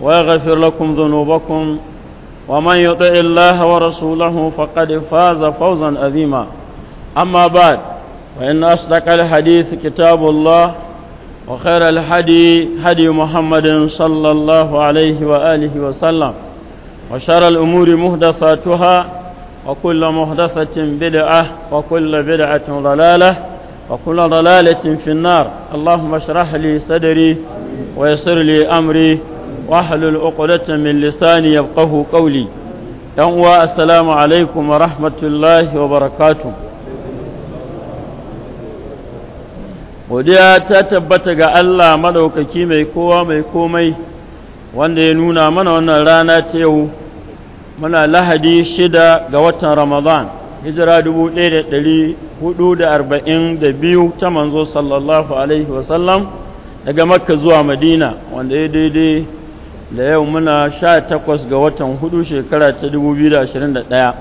ويغفر لكم ذنوبكم ومن يطع الله ورسوله فقد فاز فوزا عظيما أما بعد فإن أصدق الحديث كتاب الله وخير الهدي هدي محمد صلى الله عليه وآله وسلم وشر الأمور محدثاتها وكل محدثة بدعة وكل بدعة ضلالة وكل ضلالة في النار اللهم اشرح لي صدري ويسر لي أمري wahlul uqdatan min lisani yafqahu qawli yan uwa assalamu alaikum wa rahmatullahi wa godiya ta tabbata ga Allah madaukaki mai kowa mai komai wanda ya nuna mana wannan rana ta yau muna lahadi shida ga watan ramadan hijira 1442 ta manzo sallallahu alaihi wasallam daga makka zuwa madina wanda ya daidai da yau muna sha takwas ga watan hudu shekara ta da ɗaya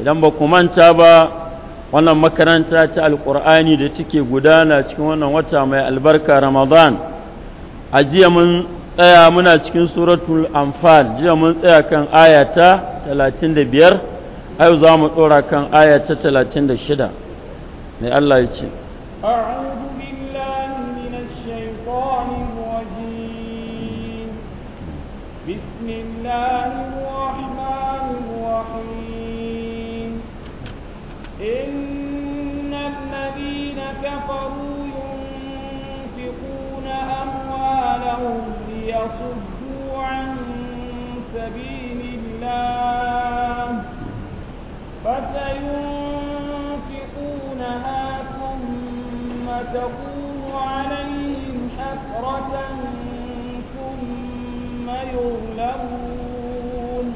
idan ba ku manta ba wannan makaranta ta alkur'ani da take gudana cikin wannan wata mai albarka ramadan a jiya mun tsaya muna cikin suratul anfal jiya mun tsaya kan aya ayata 35 a yau za mu ɗora kan ayata shida mai allah ya ce الله الرحمن الرحيم إن الذين كفروا ينفقون أموالهم ليصدوا عن سبيل الله فسينفقونها ثم تكون عليهم حسرة يظلمون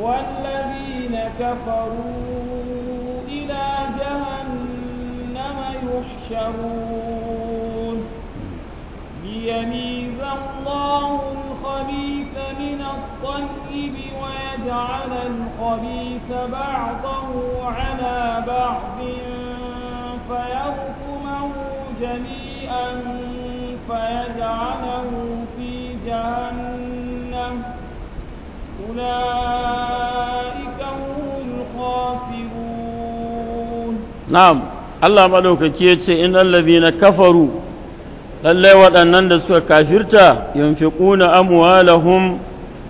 والذين كفروا إلى جهنم يحشرون ليميز الله الخبيث من الطيب ويجعل الخبيث بعضه على بعض فيركمه جميعا فيجعله في جهنم أولئك هم الخاسرون نعم Allah مالوك ya ce in كفروا na kafaru lallai waɗannan da suka kafirta yanfiquna amwalahum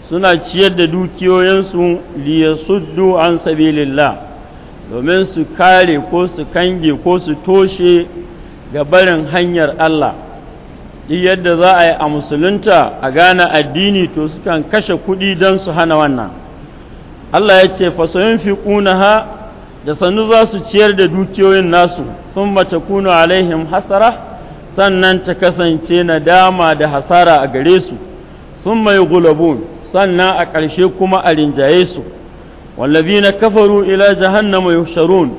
suna ciyar da dukiyoyinsu liyasuddu an sabilillah domin su kare ko su kange ko su toshe ga barin hanyar Allah duk yadda za a yi a musulunta a gane addini to sukan kashe kuɗi don su hana wannan Allah ya ce fasoyin fi ƙunaha da sannu za su ciyar da dukiyoyin nasu sun mace kuna alaihim hasara sannan ta kasance na dama da hasara a gare su sun mai gulabun sannan a ƙarshe kuma a rinjaye su wallabi na kafaru ila jahannama yusharun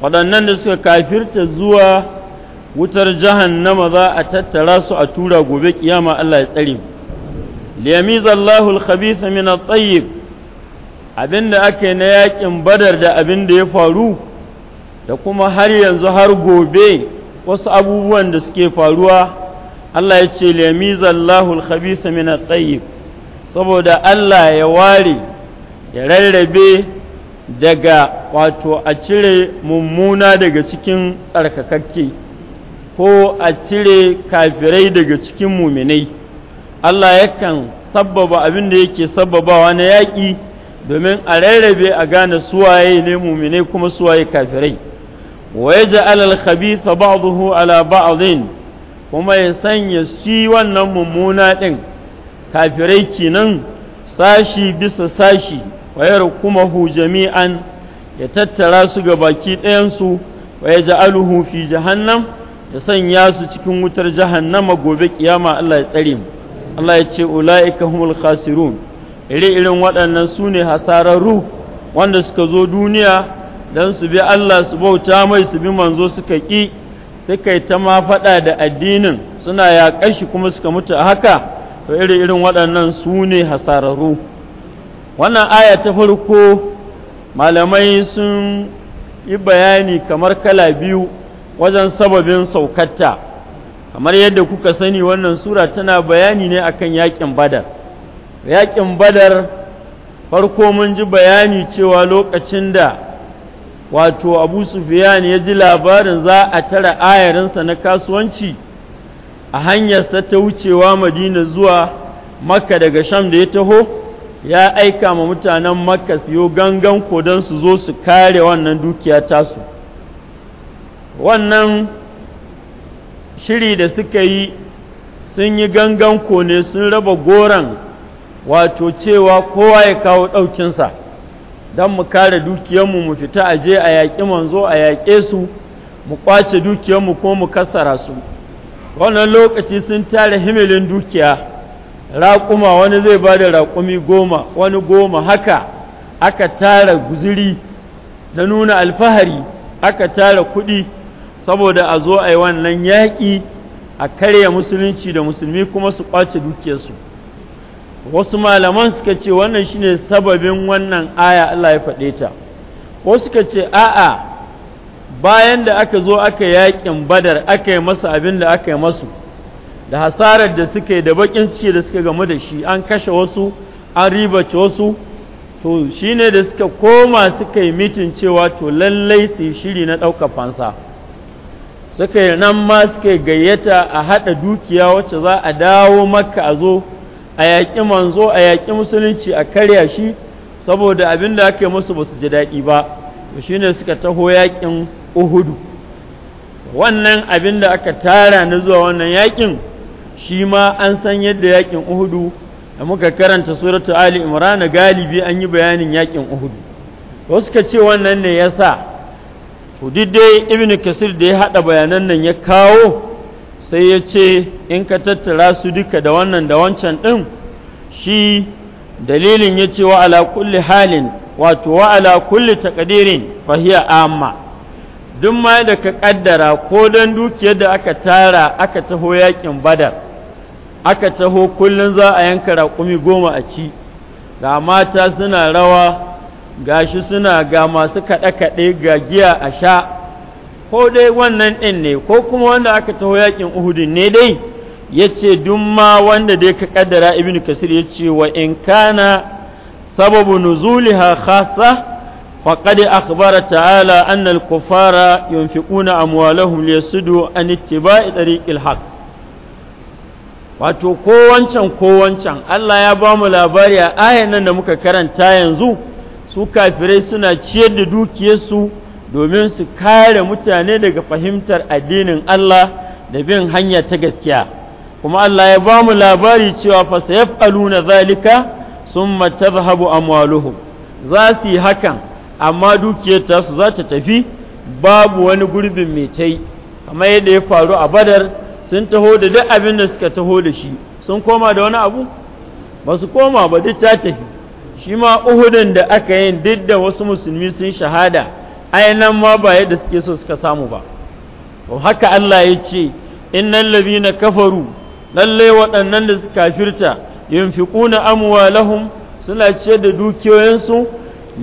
waɗannan da suka kafirta zuwa wutar jahannama za a tattara su a tura gobe kiyama Allah ya tsare liyamiza Allahu al min at-tayyib abinda ake na yakin badar da abinda ya faru da kuma har yanzu har gobe wasu abubuwan da suke faruwa Allah ya ce liyamiza Allahu al min at-tayyib saboda Allah ya ware ya rarrabe daga wato a cire mummuna daga cikin tsarkakakke ko a cire kafirai daga cikin muminai Allah yakan sabbaba abin da yake sabbabawa na yaƙi domin a rarrabe a gane suwaye ne muminai kuma suwaye kafirai wa ya ja'ala khabitha ba'dahu ala ba'dhin kuma ya sanya shi wannan mummuna din kafirai kenan sashi bisa sashi wa hu jami'an ya tattara su ga baki ɗayansu wa ya ja'aluhu fi jahannam ya sanya su cikin wutar jahannama gobe kiyama Allah ya tsare mu Allah ya ce ulaika humul khasirun ire irin waɗannan su ne hasararru wanda suka zo duniya don su bi Allah su bauta mai su bi manzo suka ƙi suka yi ta ma faɗa da addinin suna ya shi kuma suka mutu a haka to iri irin waɗannan su ne hasararru wannan aya ta farko malamai sun yi bayani kamar kala biyu wajen sababin saukatta kamar yadda kuka sani wannan sura tana bayani ne akan yakin badar yakin badar farko mun ji bayani cewa lokacin da wato abu sufiyan ya ji labarin za a tara ayarinsa na kasuwanci a hanyarsa ta wucewa madina zuwa makka daga sham da ya taho ya aika ma mutanen makka siyo gangan ko don su zo su kare wannan dukiya tasu wannan shiri da suka yi sun yi gangan kone sun raba goron wato cewa kowa ya kawo ɗaukinsa don mu kare dukiyarmu mu fita a je a yaƙi manzo a yaƙe su mu ƙwace dukiyarmu ko mu kassara su wannan lokaci sun tare himilin dukiya raƙuma wani zai ba da raƙumi goma wani goma haka aka tara guziri na nuna alfahari aka tara kuɗi saboda a zo a yi wannan yaƙi a karya musulunci da musulmi kuma su ƙwace dukiyarsu wasu malaman suka ce wannan shine sababin wannan aya Allah ya faɗe ta wasu suka ce a'a bayan da aka zo aka yaƙin badar aka yi masa abin da aka yi masu da hasarar da suka yi da baƙin ciki da suka gamu da shi an kashe wasu an ribace wasu to shine da suka koma suka yi mitin cewa to lallai su yi shiri na ɗaukar fansa suka yi nan ma suka gayyata a haɗa dukiya wacce za a dawo maka a zo a yaƙi manzo a yaƙi musulunci a karya shi saboda abin da aka yi musu ba su ji daɗi ba shi ne suka taho yaƙin uhudu wannan abin da aka tara na zuwa wannan yaƙin shi ma an san yadda yaƙin uhudu da muka karanta suratu ali imran galibi an yi bayanin yaƙin uhudu wasu ka ce wannan ne ya sa duk dai ibn kasir da ya haɗa bayanan nan ya kawo sai ya ce in ka tattara su duka da wannan da wancan ɗin shi dalilin ya ce wa ala kulli halin wato wa ala kulli takadirin fahiya amma duk ma da ka ƙaddara ko don dukiyar da aka tara aka taho yakin badar aka taho kullum za a yanka raƙumi goma a ci da mata suna rawa gashi suna ga masu kaɗe-kaɗe ga giya a sha ko dai wannan ɗin ne ko kuma wanda aka taho yakin uhudin ne dai ya ce ma wanda dai ka ƙaddara ibn kasir ya ce wa in kana sababu nuzuliha khasa فقد أخبر تعالى أن الكفار ينفقون أموالهم ليسدوا عن اتباع طريق الحق wato ko wancan ko wancan Allah ya ba mu labari a ayan nan da muka karanta yanzu su kafirai suna ciyar da dukiyarsu domin su kare mutane daga fahimtar addinin Allah da bin hanya ta gaskiya kuma Allah ya ba mu labari cewa fa sayaf'aluna zalika thumma tadhhabu amwaluhum za su yi hakan amma dukiyar ta su za ta tafi babu wani gurbin mai tai kamar yadda ya faru a Badar sun taho da duk abin da suka taho da shi sun koma da wani abu ba su koma ba duk ta tafi shi ma uhudun da aka yin duk da wasu musulmi sun shahada ainihin ma ba yadda suke so suka samu ba haka Allah ya ce in innal na kafaru lallai waɗannan da suka kafirta yunfiquna amwalahum suna ciyar da dukiyoyinsu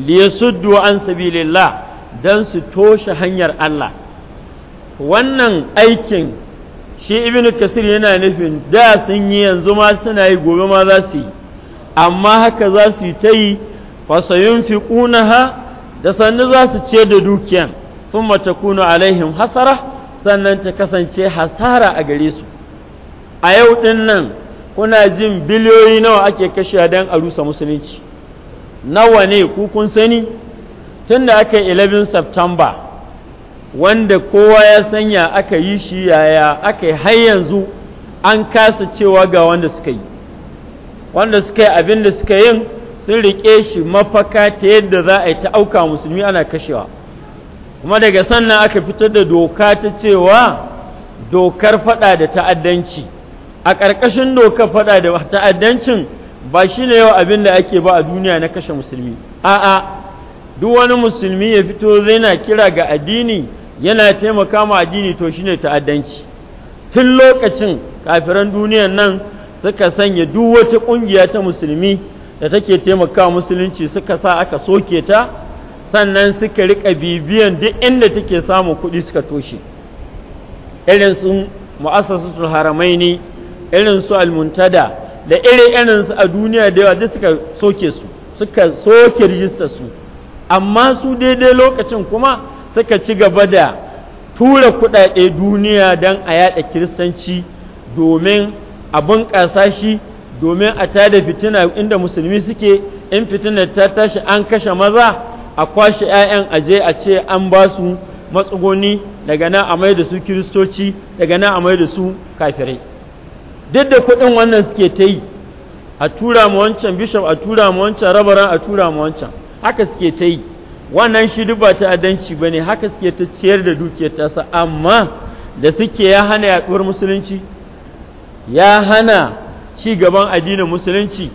liyasuddu an sabilillah don su toshe hanyar Allah wannan aikin shi Ibn kasir yana nufin da sun yi yanzu ma suna yi gobe ma za su yi amma haka za su yi ta yi fasayin fi ha da sannu za su ce da dukiyan sun mata kuna alaihim hasara sannan ta kasance hasara a gare su a yau ɗin nan kuna jin biliyoyi nawa ake kashewa don a rusa musulunci nawa ne kukun sani tun da aka yi 11 septamba wanda kowa ya sanya aka yi shi yaya aka yi har yanzu an kasa cewa ga wanda suka yi wanda suka yi abin da suka yin sun riƙe shi mafaka ta yadda za a yi ta auka musulmi ana kashewa kuma daga sannan aka fitar da doka ta cewa dokar faɗa da ta'addanci a ƙarƙashin dokar faɗa da ta'addancin ba shi ne yau abin da ake ba a duniya na kashe musulmi a'a duk wani musulmi ya fito zai na kira ga addini yana taimaka ma addini to shine ta'addanci tun lokacin kafiran duniyan nan suka sanya duk wata ƙungiya ta musulmi da take taimaka musulunci suka sa aka soke ta sannan suka rika bibiyan duk inda take samun kuɗi suka toshe irin su mu'assasatul haramaini irin su almuntada da iri irin su a duniya da yawa duk suka soke su suka soke rijistar su amma su daidai lokacin kuma suka ci gaba da tura kuɗaɗe duniya don a yaɗa kiristanci domin a bunƙasa shi domin a da fitina inda musulmi suke in fitinar ta tashi an kashe maza a kwashe 'ya'yan aje a ce an ba su matsuguni daga nan a mai da su kiristoci daga nan a mai da su kafirai duk da kuɗin wannan suke ta yi a tura mu wancan bishop a tura mu wancan rabaran a tura mu wancan haka suke ta yi wannan shi duk ba adanci ba ne haka suke ta ciyar da dukiyar tasa amma da suke ya hana yaɗuwar musulunci ya hana ci gaban addinin musulunci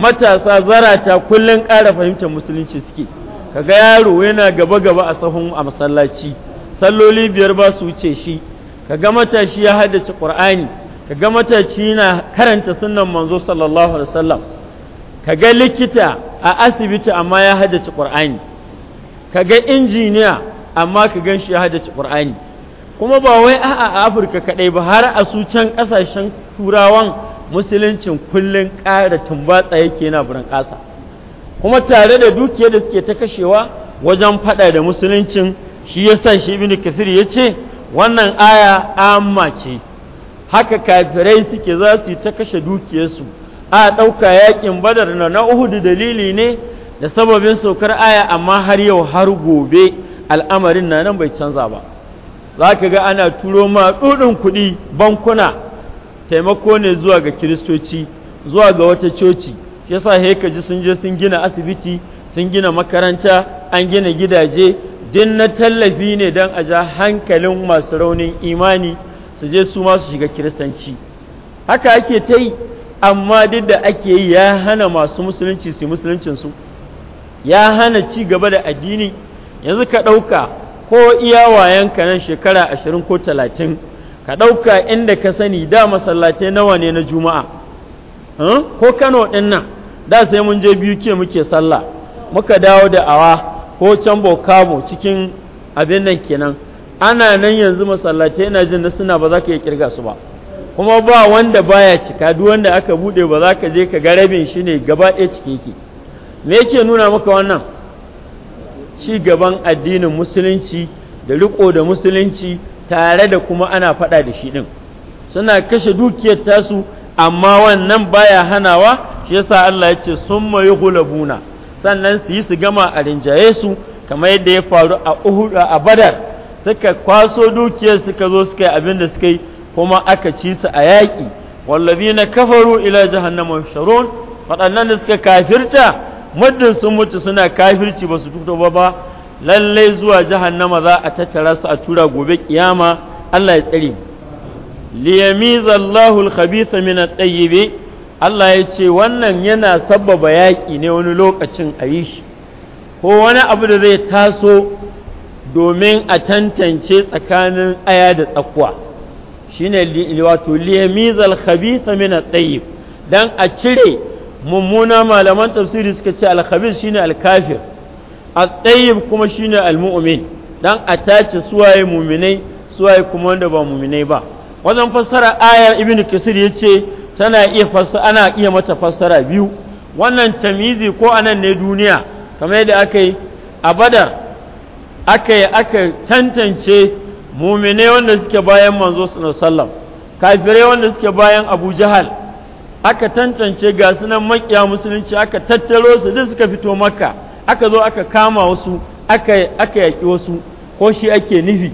matasa zarata kullum ƙara fahimtar musulunci suke kaga yaro yana gaba gaba a sahun a masallaci salloli biyar ba su wuce shi kaga matashi ya haddace qur'ani kaga matashi yana karanta sunnan manzo sallallahu alaihi wasallam kaga likita a asibiti amma ya haddace qur'ani kaga injiniya amma ka gan shi ya haddace qur'ani kuma ba wai a afirka kaɗai ba har a su can ƙasashen turawan musuluncin kullum ƙara tumbatsa yake yana burin ƙasa kuma tare da dukiyar da suke ta kashewa wajen faɗa da musuluncin shi ya sa shi ibn kasir ya ce wannan aya amma ce haka kafirai suke za su yi ta kashe dukiyarsu a ɗauka yakin badar na na uhudu dalili ne da sababin saukar aya amma har yau har gobe al'amarin na nan bai canza ba za ka ga ana turo ma ɗuɗin kuɗi bankuna taimako ne zuwa ga kiristoci zuwa ga wata coci yasa sa haikaji ji sun je sun gina asibiti sun gina makaranta an gina gidaje din na tallafi ne don a ja hankalin masu raunin imani su je su masu shiga kiristanci haka ake ta yi amma duk da ake yi ya hana masu musulunci su musuluncinsu ya hana ci gaba da addini yanzu ka ɗauka ko iya wayanka nan shekara ashirin ko talatin ka ɗauka inda ka sani da masallace nawa ne na juma'a hmm? ko kano ɗin nan da sai mun je biyu ke muke sallah muka dawo da awa ko can bokabo cikin abin nan kenan ana nan yanzu masallace ina jin na suna ba za ka iya kirga su ba kuma ba wanda baya cika duk wanda aka bude ba za ka je ka ga rabin shi ne gaba ɗaya cike me yake nuna maka wannan ci gaban addinin musulunci da riko da musulunci tare da kuma ana faɗa da shi ɗin suna kashe dukiyar tasu amma wannan baya hanawa shi yasa Allah ya ce sun mayu sannan su yi su gama a rinjaye su kamar yadda ya faru a Uhud a Badar suka kwaso dukiyar suka zo suka yi abin da suka yi kuma aka ci su a yaƙi wallazina kafaru ila jahannama yusharun waɗannan da suka kafirta muddin sun mutu suna kafirci ba su tuto ba lallai zuwa jahannama za a tattara su a tura gobe kiyama Allah ya tsare liyamiza Allahu al-khabitha min at-tayyib Allah ya ce wannan yana sabbaba yaƙi ne wani lokacin a yi shi ko wani abu da zai taso domin a tantance tsakanin aya da tsakuwa shine wato liyamiza al-khabitha min at-tayyib dan a cire mummuna malaman tafsiri suka ce alkhabir shine alkafir at-tayyib kuma shine almu'min dan atace tace suwaye muminai suwaye kuma wanda ba muminai ba wajen fassara ayar ibnu kisir yace tana iya fassara ana iya mata fassara biyu wannan tamizi ko anan ne duniya kamar yadda aka yi a badar aka yi aka tantance muminai wanda suke bayan manzo sallallahu alaihi wasallam kafirai wanda suke bayan abu jahal aka tantance ga sunan makiya musulunci aka tattaro su duk suka fito maka, aka zo aka kama wasu aka aka yaki wasu ko shi ake nufi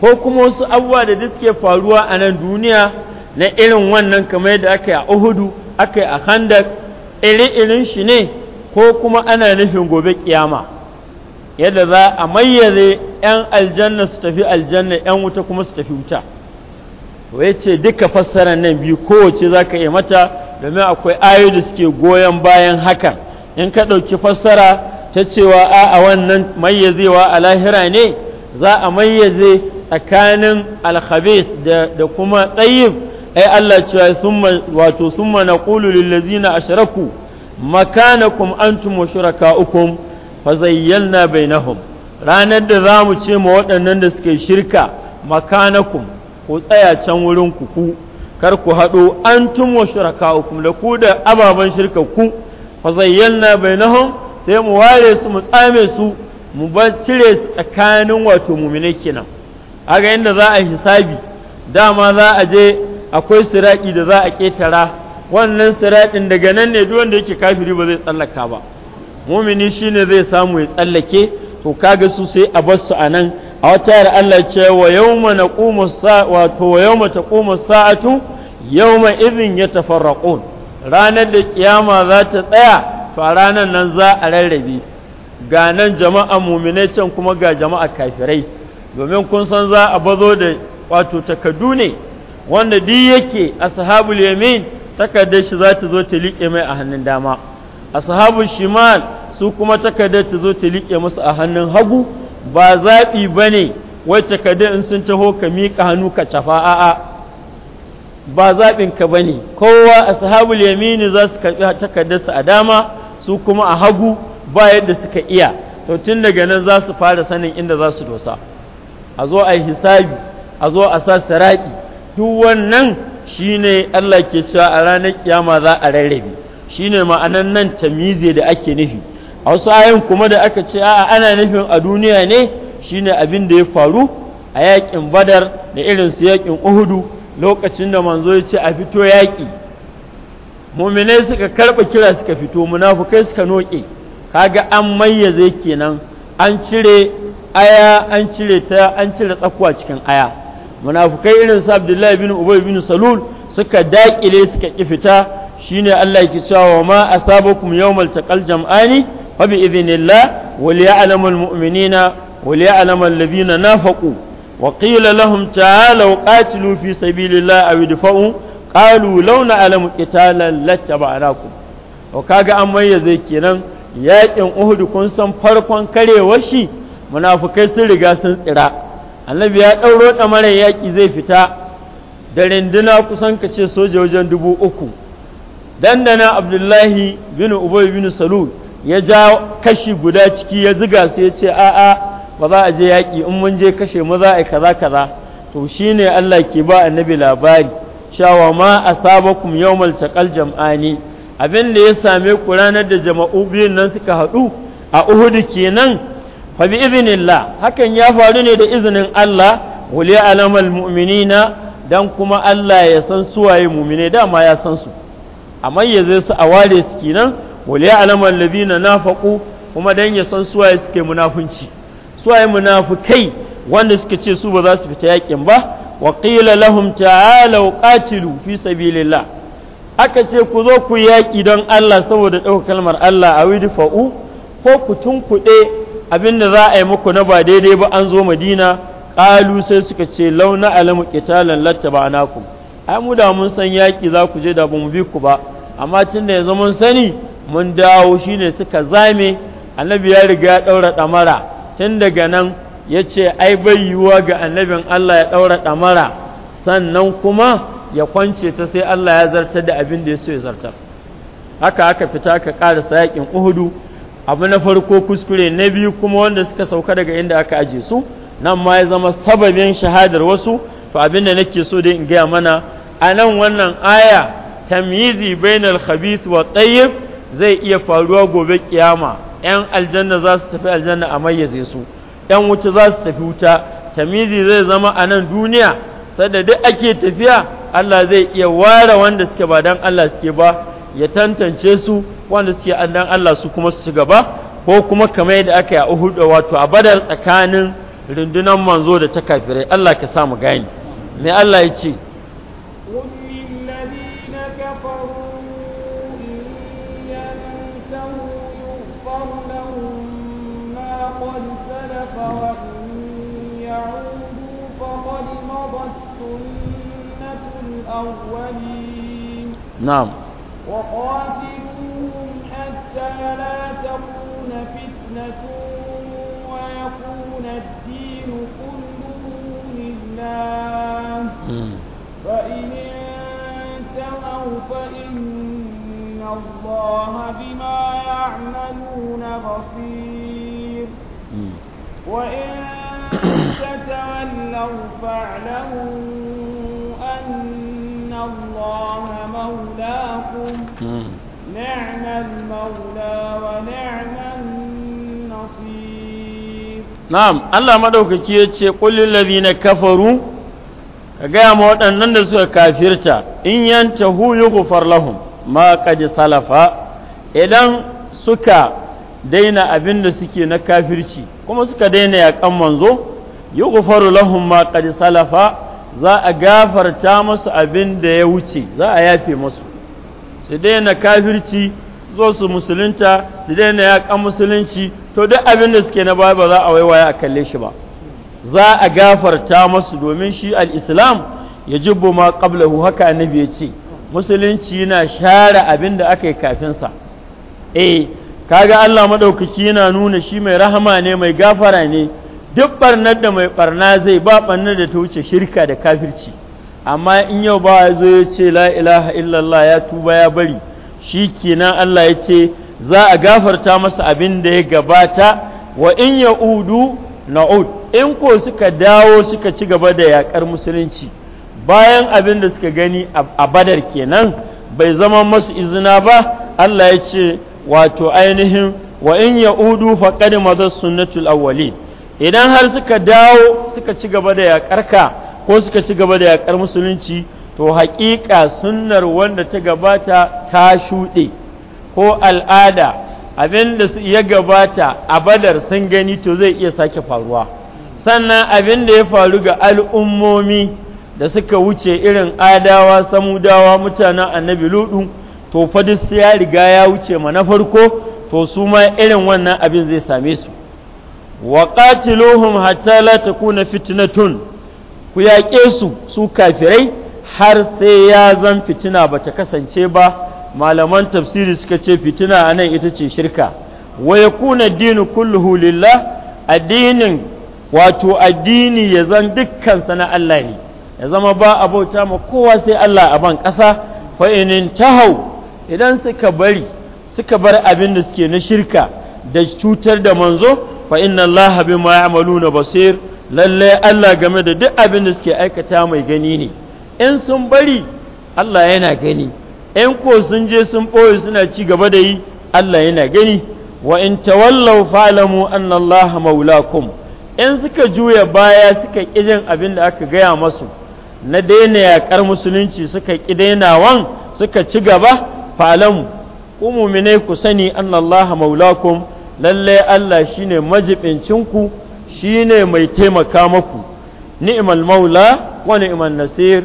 ko kuma wasu abubuwa da duk suke faruwa a nan duniya na irin wannan kamar yadda aka yi a Uhudu aka yi a Handak iri-irin shi ne ko kuma ana nufin gobe kiyama yadda za a mayyaze 'yan aljanna su tafi aljanna 'yan wuta kuma su tafi wuta to ya ce duka fassarar nan biyu kowace za ka iya mata domin akwai ayo da suke goyon bayan hakan in ka ɗauki fassara ta cewa a wannan mayyazewa a lahira ne za a mayyaze tsakanin alhabis da kuma tsayib ai Allah cewa wato summa na ƙulu lillazina ashraku makanakum antum wa shuraka'ukum fa zayyalna bainahum ranar da za mu ce ma waɗannan da suke shirka makanakum ku tsaya can wurin ku ku kar ku haɗo an tumo shuraka'ukum da ku da ababen shirka ku fa zayyana bainahum sai mu ware su mu tsame su mu bar cire tsakanin wato muminai kenan aga inda za a hisabi dama za a je akwai siraki da za a ketara wannan siraɗin daga nan ne duk wanda yake kafiri ba zai tsallaka ba mumini shine zai samu ya tsallake to kaga su sai a bar su a nan a wata Allah ce wa yawma naqumu wato wa yawma taqumu sa'atu yawma idhin yatafarraqun ranar da kiyama za ta tsaya fa ranar nan za a rarrabe ga nan jama'a muminai can kuma ga jama'a kafirai domin kun san za a bazo da wato takaddu ne wanda duk yake ashabul yamin takardar shi za ta zo ta liƙe mai a hannun dama ashabul shimal su kuma takardar ta zo ta liƙe musu a hannun hagu ba zaɓi ba ne wacce ka in sun taho ka miƙa hannu ka cafa a'a ba zaɓinka ba ne kowa a sahabul yamini za su karɓi takardarsa a dama su kuma a hagu ba yadda suka iya to tun daga nan za su fara sanin inda za su dosa a zo a yi hisabi a zo a sa saraƙi duk wannan shi ne Allah ke cewa a ranar kiyama za a rarrabe ne ma'anan nan tamize da ake nufi a wasu ayin kuma da aka ce a'a ana nufin a duniya ne shine abin da ya faru a yakin badar da irinsu yakin uhudu lokacin da manzo ya ce a fito yaƙi muminai suka karɓa kira suka fito munafukai suka noƙe kaga an mayyaze kenan an cire aya an cire ta an cire tsakuwa cikin aya munafukai irin su abdullahi bin ubay bin salul suka daƙile suka ƙi fita shine Allah ki cewa ma asabakum yawmal taqal jam'ani fa bi idhnillah wal ya'lamul mu'minina wal ya'lamul ladina nafaqu wa qila lahum ta'alu qatilu fi sabilillah aw idfa'u qalu law na'lamu qitalan lattaba'nakum to kaga an mayyaze kenan yaƙin uhudu kun san farkon karewar shi munafukai sun riga sun tsira annabi ya ɗauro ɗamarar yaƙi zai fita da rinduna kusan ka ce soja wajen dubu uku dandana abdullahi bin ubay bin salul ya ja kashi guda ciki ya ziga su ya ce a'a ba za a je yaƙi in mun je kashe mu za a yi kaza kaza to shine Allah ke ba annabi labari cewa ma asabakum yawmal taqal jam'ani abin da ya same ku ranar da jama'u biyun nan suka haɗu a Uhud kenan fa bi hakan ya faru ne da izinin Allah wuli alamal mu'minina dan kuma Allah ya san suwaye mu'mine dama ya san su amma ya zai su a ware su kenan wal ya'lamu alladhina nafaqu kuma dan ya san suwaye suke munafunci suwaye munafukai wanda suka ce su ba za su fita yakin ba wa qila lahum ta'alu qatilu fi sabilillah aka ce ku zo ku yaƙi don Allah saboda ɗaukar kalmar Allah a wudi fa'u ko ku tunkuɗe abinda za a yi muku na ba daidai ba an zo madina ƙalu sai suka ce launa alamu qitalan latta ba naku ai mu da mun san yaƙi za ku je da ba mu bi ku ba amma tunda ya yanzu mun sani mun dawo ne suka zame annabi ya riga ya ɗaura ɗamara tun daga nan ya ce ai bai yiwuwa ga annabin Allah ya ɗaura ɗamara sannan kuma ya kwance ta sai Allah ya zartar da abin da ya so ya zartar haka aka fita aka ƙarasa yaƙin uhudu abu na farko kuskure na biyu kuma wanda suka sauka daga inda aka aje su nan ma ya zama sababin shahadar wasu to abin da nake so dai in gaya mana a nan wannan aya tamyizi bainal khabith wa tayyib zai iya faruwa gobe kiyama ‘yan aljanna za su tafi aljanna a mayyaze su ‘yan wuta za su tafi wuta tamizi zai zama a nan duniya sadda duk ake tafiya Allah zai iya ware wanda suke ba dan Allah suke ba ya tantance su wanda suke a dan Allah su kuma su gaba ko kuma kamar yadda aka yi a Uhud wato a badar tsakanin rundunar manzo da ta kafirai Allah ka mu gani me Allah ya ce نعم وقاتلوهم حتى لا تكون فتنة ويكون الدين كله لله فإن انتهوا فإن الله بما يعملون بصير وإن تتولوا فاعلموا أن na'am allah نعم المولى ce النصير نعم الله مدوكي ka gaya ma waɗannan da suka kafirta in yanta huyu gufar lahum ma kaji salafa idan suka daina abin da suke na kafirci kuma suka daina yaƙan manzo yi gufaru lahum ma kaji salafa za a gafarta masu abin da ya wuce za a yafe musu su daina kafirci zo su musulunta su daina yaƙan musulunci to duk abin da suke na baya ba za a waiwaya a kalle shi ba za a gafarta musu domin shi al'islam ya jibbo ma qablahu haka annabi ya ce musulunci yana share abin da aka yi kafinsa eh kaga Allah maɗaukaki yana nuna shi mai rahama ne mai gafara ne duk barnar da mai barna zai ba barnar da ta wuce shirka da kafirci amma in yau ba ya zo ya ce la ilaha illallah ya tuba ya bari shi kenan Allah ya ce za a gafarta masa abin da ya gabata wa in ya udu na'ud in ko suka dawo suka ci gaba da yakar musulunci bayan abin da suka gani a badar kenan bai zama masu izina ba Allah ya ce wato ainihin wa in ya udu faqad madar sunnatul awwalin idan har suka dawo suka ci gaba da yaƙarka ko suka ci gaba da yaƙar musulunci to haƙiƙa sunnar wanda ta gabata ta shuɗe ko al'ada abin da ya gabata a badar sun gani to zai iya sake faruwa sannan abin da ya faru ga al'ummomi da suka wuce irin adawa samudawa mutanen annabi ludu to fa ya riga ya wuce ma na farko to su ma irin wannan abin zai same su wa qatiluhum hatta la takuna fitnatun ku yaƙe su su kafirai har sai ya zan fitina bata kasance ba malaman tafsiri suka ce fitina anan ita ce shirka wa yakuna dinu kulluhu lillah addinin wato addini ya zan dukkansa na Allah ne ya zama ba abota ma kowa sai Allah a ban ƙasa fa inin tahau idan suka bari suka bar abin da suke na shirka da cutar da manzo fa inna Allah ma ya'maluna basir lalle Allah game da duk abin da suke aikata mai gani ne in sun bari Allah yana gani in ko sun je sun boye suna ci gaba da yi Allah yana gani wa in tawallaw fa'lamu anna Allah maulakum in suka juya baya suka kijin abin da aka gaya masu na daina yakar musulunci suka ki dainawan suka ci gaba fa'lamu ku mu'minai ku sani anna Allah maulakum lalle Allah shine majibincinku shine mai taimaka maku ni'mal maula wa ni'mal nasir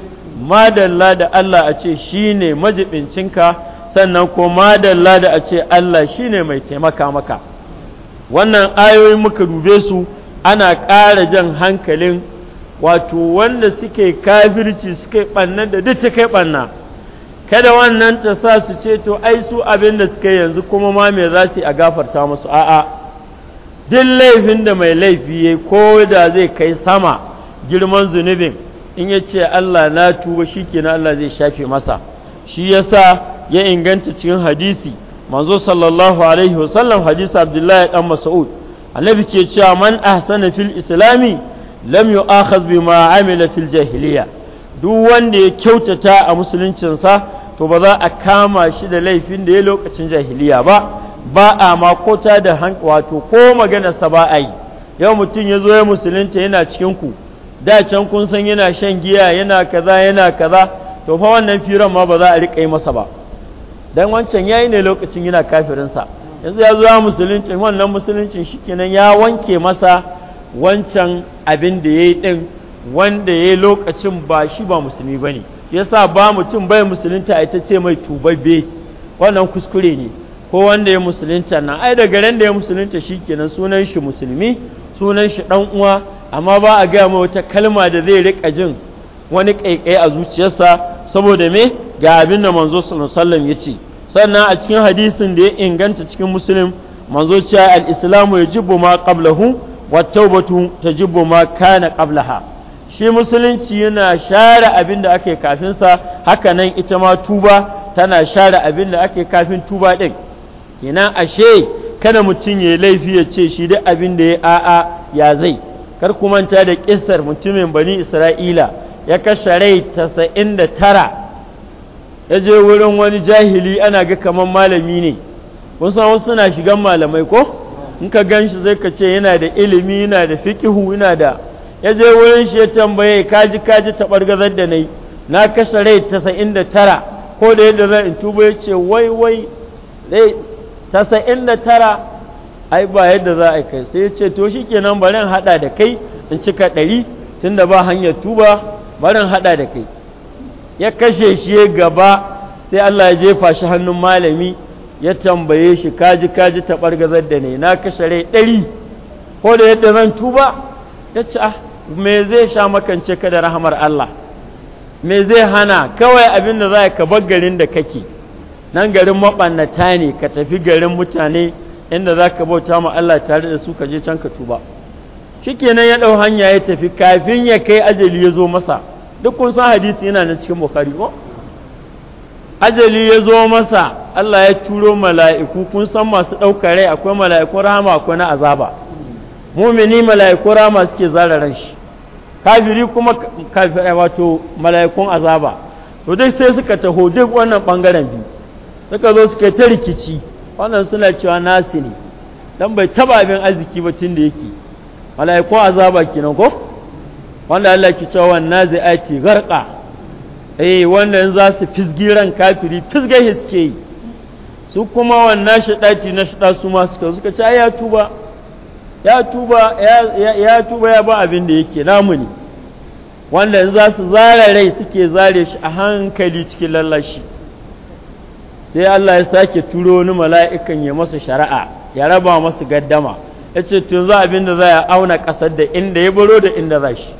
madalla da Allah a ce shine majibincinka sannan ko madalla da a ce Allah shine mai taimaka maka wannan ayoyi muka dube su ana ƙara jan hankalin wato wanda suke kafirci suke ɓanna da duk ta kai ɓanna kada wannan ta sa su ce to ai su abin da suka yanzu kuma ma me za su a gafarta musu a'a duk laifin da mai laifi ya ko da zai kai sama girman zunubin in ya ce Allah na tuba shi kenan Allah zai shafe masa shi ya sa ya inganta cikin hadisi manzo sallallahu alaihi wasallam hadisi abdullahi dan mas'ud annabi ke cewa man ahsana fil islami lam yu'akhaz bima amila fil jahiliya duk wanda ya kyautata a musuluncinsa to ba za a kama shi da laifin da ya lokacin jahiliya ba ba a makota da wato ko maganarsa ba a yi yau mutum ya zo ya musulunta yana cikin ku da can kun san yana shan giya yana kaza yana kaza to fa wannan firan ma ba za a riƙa yi masa ba dan wancan yayi ne lokacin yana kafirinsa yanzu ya zo ya musulunci wannan musuluncin shikenan ya wanke masa wancan abin da yayi din wanda ya yi lokacin ba shi ba musulmi ba ne sa ba mutum bai musulunta ita ce mai tubabbe wannan kuskure ne ko wanda ya musulunta nan ai daga ran da ya musulunta nan sunan shi musulmi sunan shi dan uwa amma ba a gaya mai wata kalma da zai rika jin wani kaikai a zuciyarsa saboda me ga abin da manzo sallallahu ya yace sannan a cikin hadisin da ya inganta cikin musulmi manzo cewa al-islamu yajibu ma qablahu wa tawbatu tajibu ma kana qablaha shi musulunci yana share abin da ake kafinsa haka nan ita ma tuba tana share abin da ake kafin tuba ɗin kenan ashe kada mutum ya laifi ya ce shi duk abin da ya a'a ya zai kar ku manta da kisar mutumin bani isra'ila ya kashe rai tasa'in da tara ya je wurin wani jahili ana ga kamar malami ne Kun san wasu na shigan malamai ko in ka gan shi zai ka ce yana da ilimi yana da fikihu yana da ya je wurin shi ya tambaye kaji kaji taɓargazar da na yi na kashe rai tasa'in da tara ko da yadda zan in tuba ya ce wai wai rai tasa'in da tara ai ba yadda za a kai sai ya ce to shi kenan bari in haɗa da kai in cika ɗari da ba hanyar tuba bari in haɗa da kai ya kashe shi ya gaba sai Allah ya jefa shi hannun malami ya tambaye shi kaji kaji taɓargazar da nai na kashe rai ɗari ko da yadda zan tuba ya ce ah me zai sha makance ka da rahamar Allah me zai hana kawai abin da za ka bar garin da kake nan garin maɓannata ne ka tafi garin mutane inda za ka bauta ma Allah tare da su ka je can ka tuba shikenan ya ɗau hanya ya tafi kafin ya kai ajali ya zo masa duk kun san hadisi yana nan cikin bukhari ko ajali ya zo masa Allah ya turo mala'iku kun san masu ɗaukar rai akwai mala'ikun rahama akwai na azaba mumini mala'ikun rahama suke zara ran shi kafiri kuma eh, wato mala'ikun azaba to dai sai suka taho duk wannan bangaren biyu suka zo suka ta rikici wannan suna cewa nasi ne dan bai taba abin arziki ba tun da yake mala'ikun azaba kenan ko wanda Allah ke cewa wannan zai aiki garka eh in za su fisgiran kafiri fisgai suke yi su kuma wannan shaɗaci na shaɗa su ma suka suka ci ya tuba ya tuba ya ba abin da yake namu ne wanda za su zare rai suke zare shi a hankali cikin lallashi sai Allah ya sake turo wani mala'ikan ya masa shari'a ya raba masu gaddama ya ce tun za abin da za ya auna ƙasar da inda ya baro da inda za shi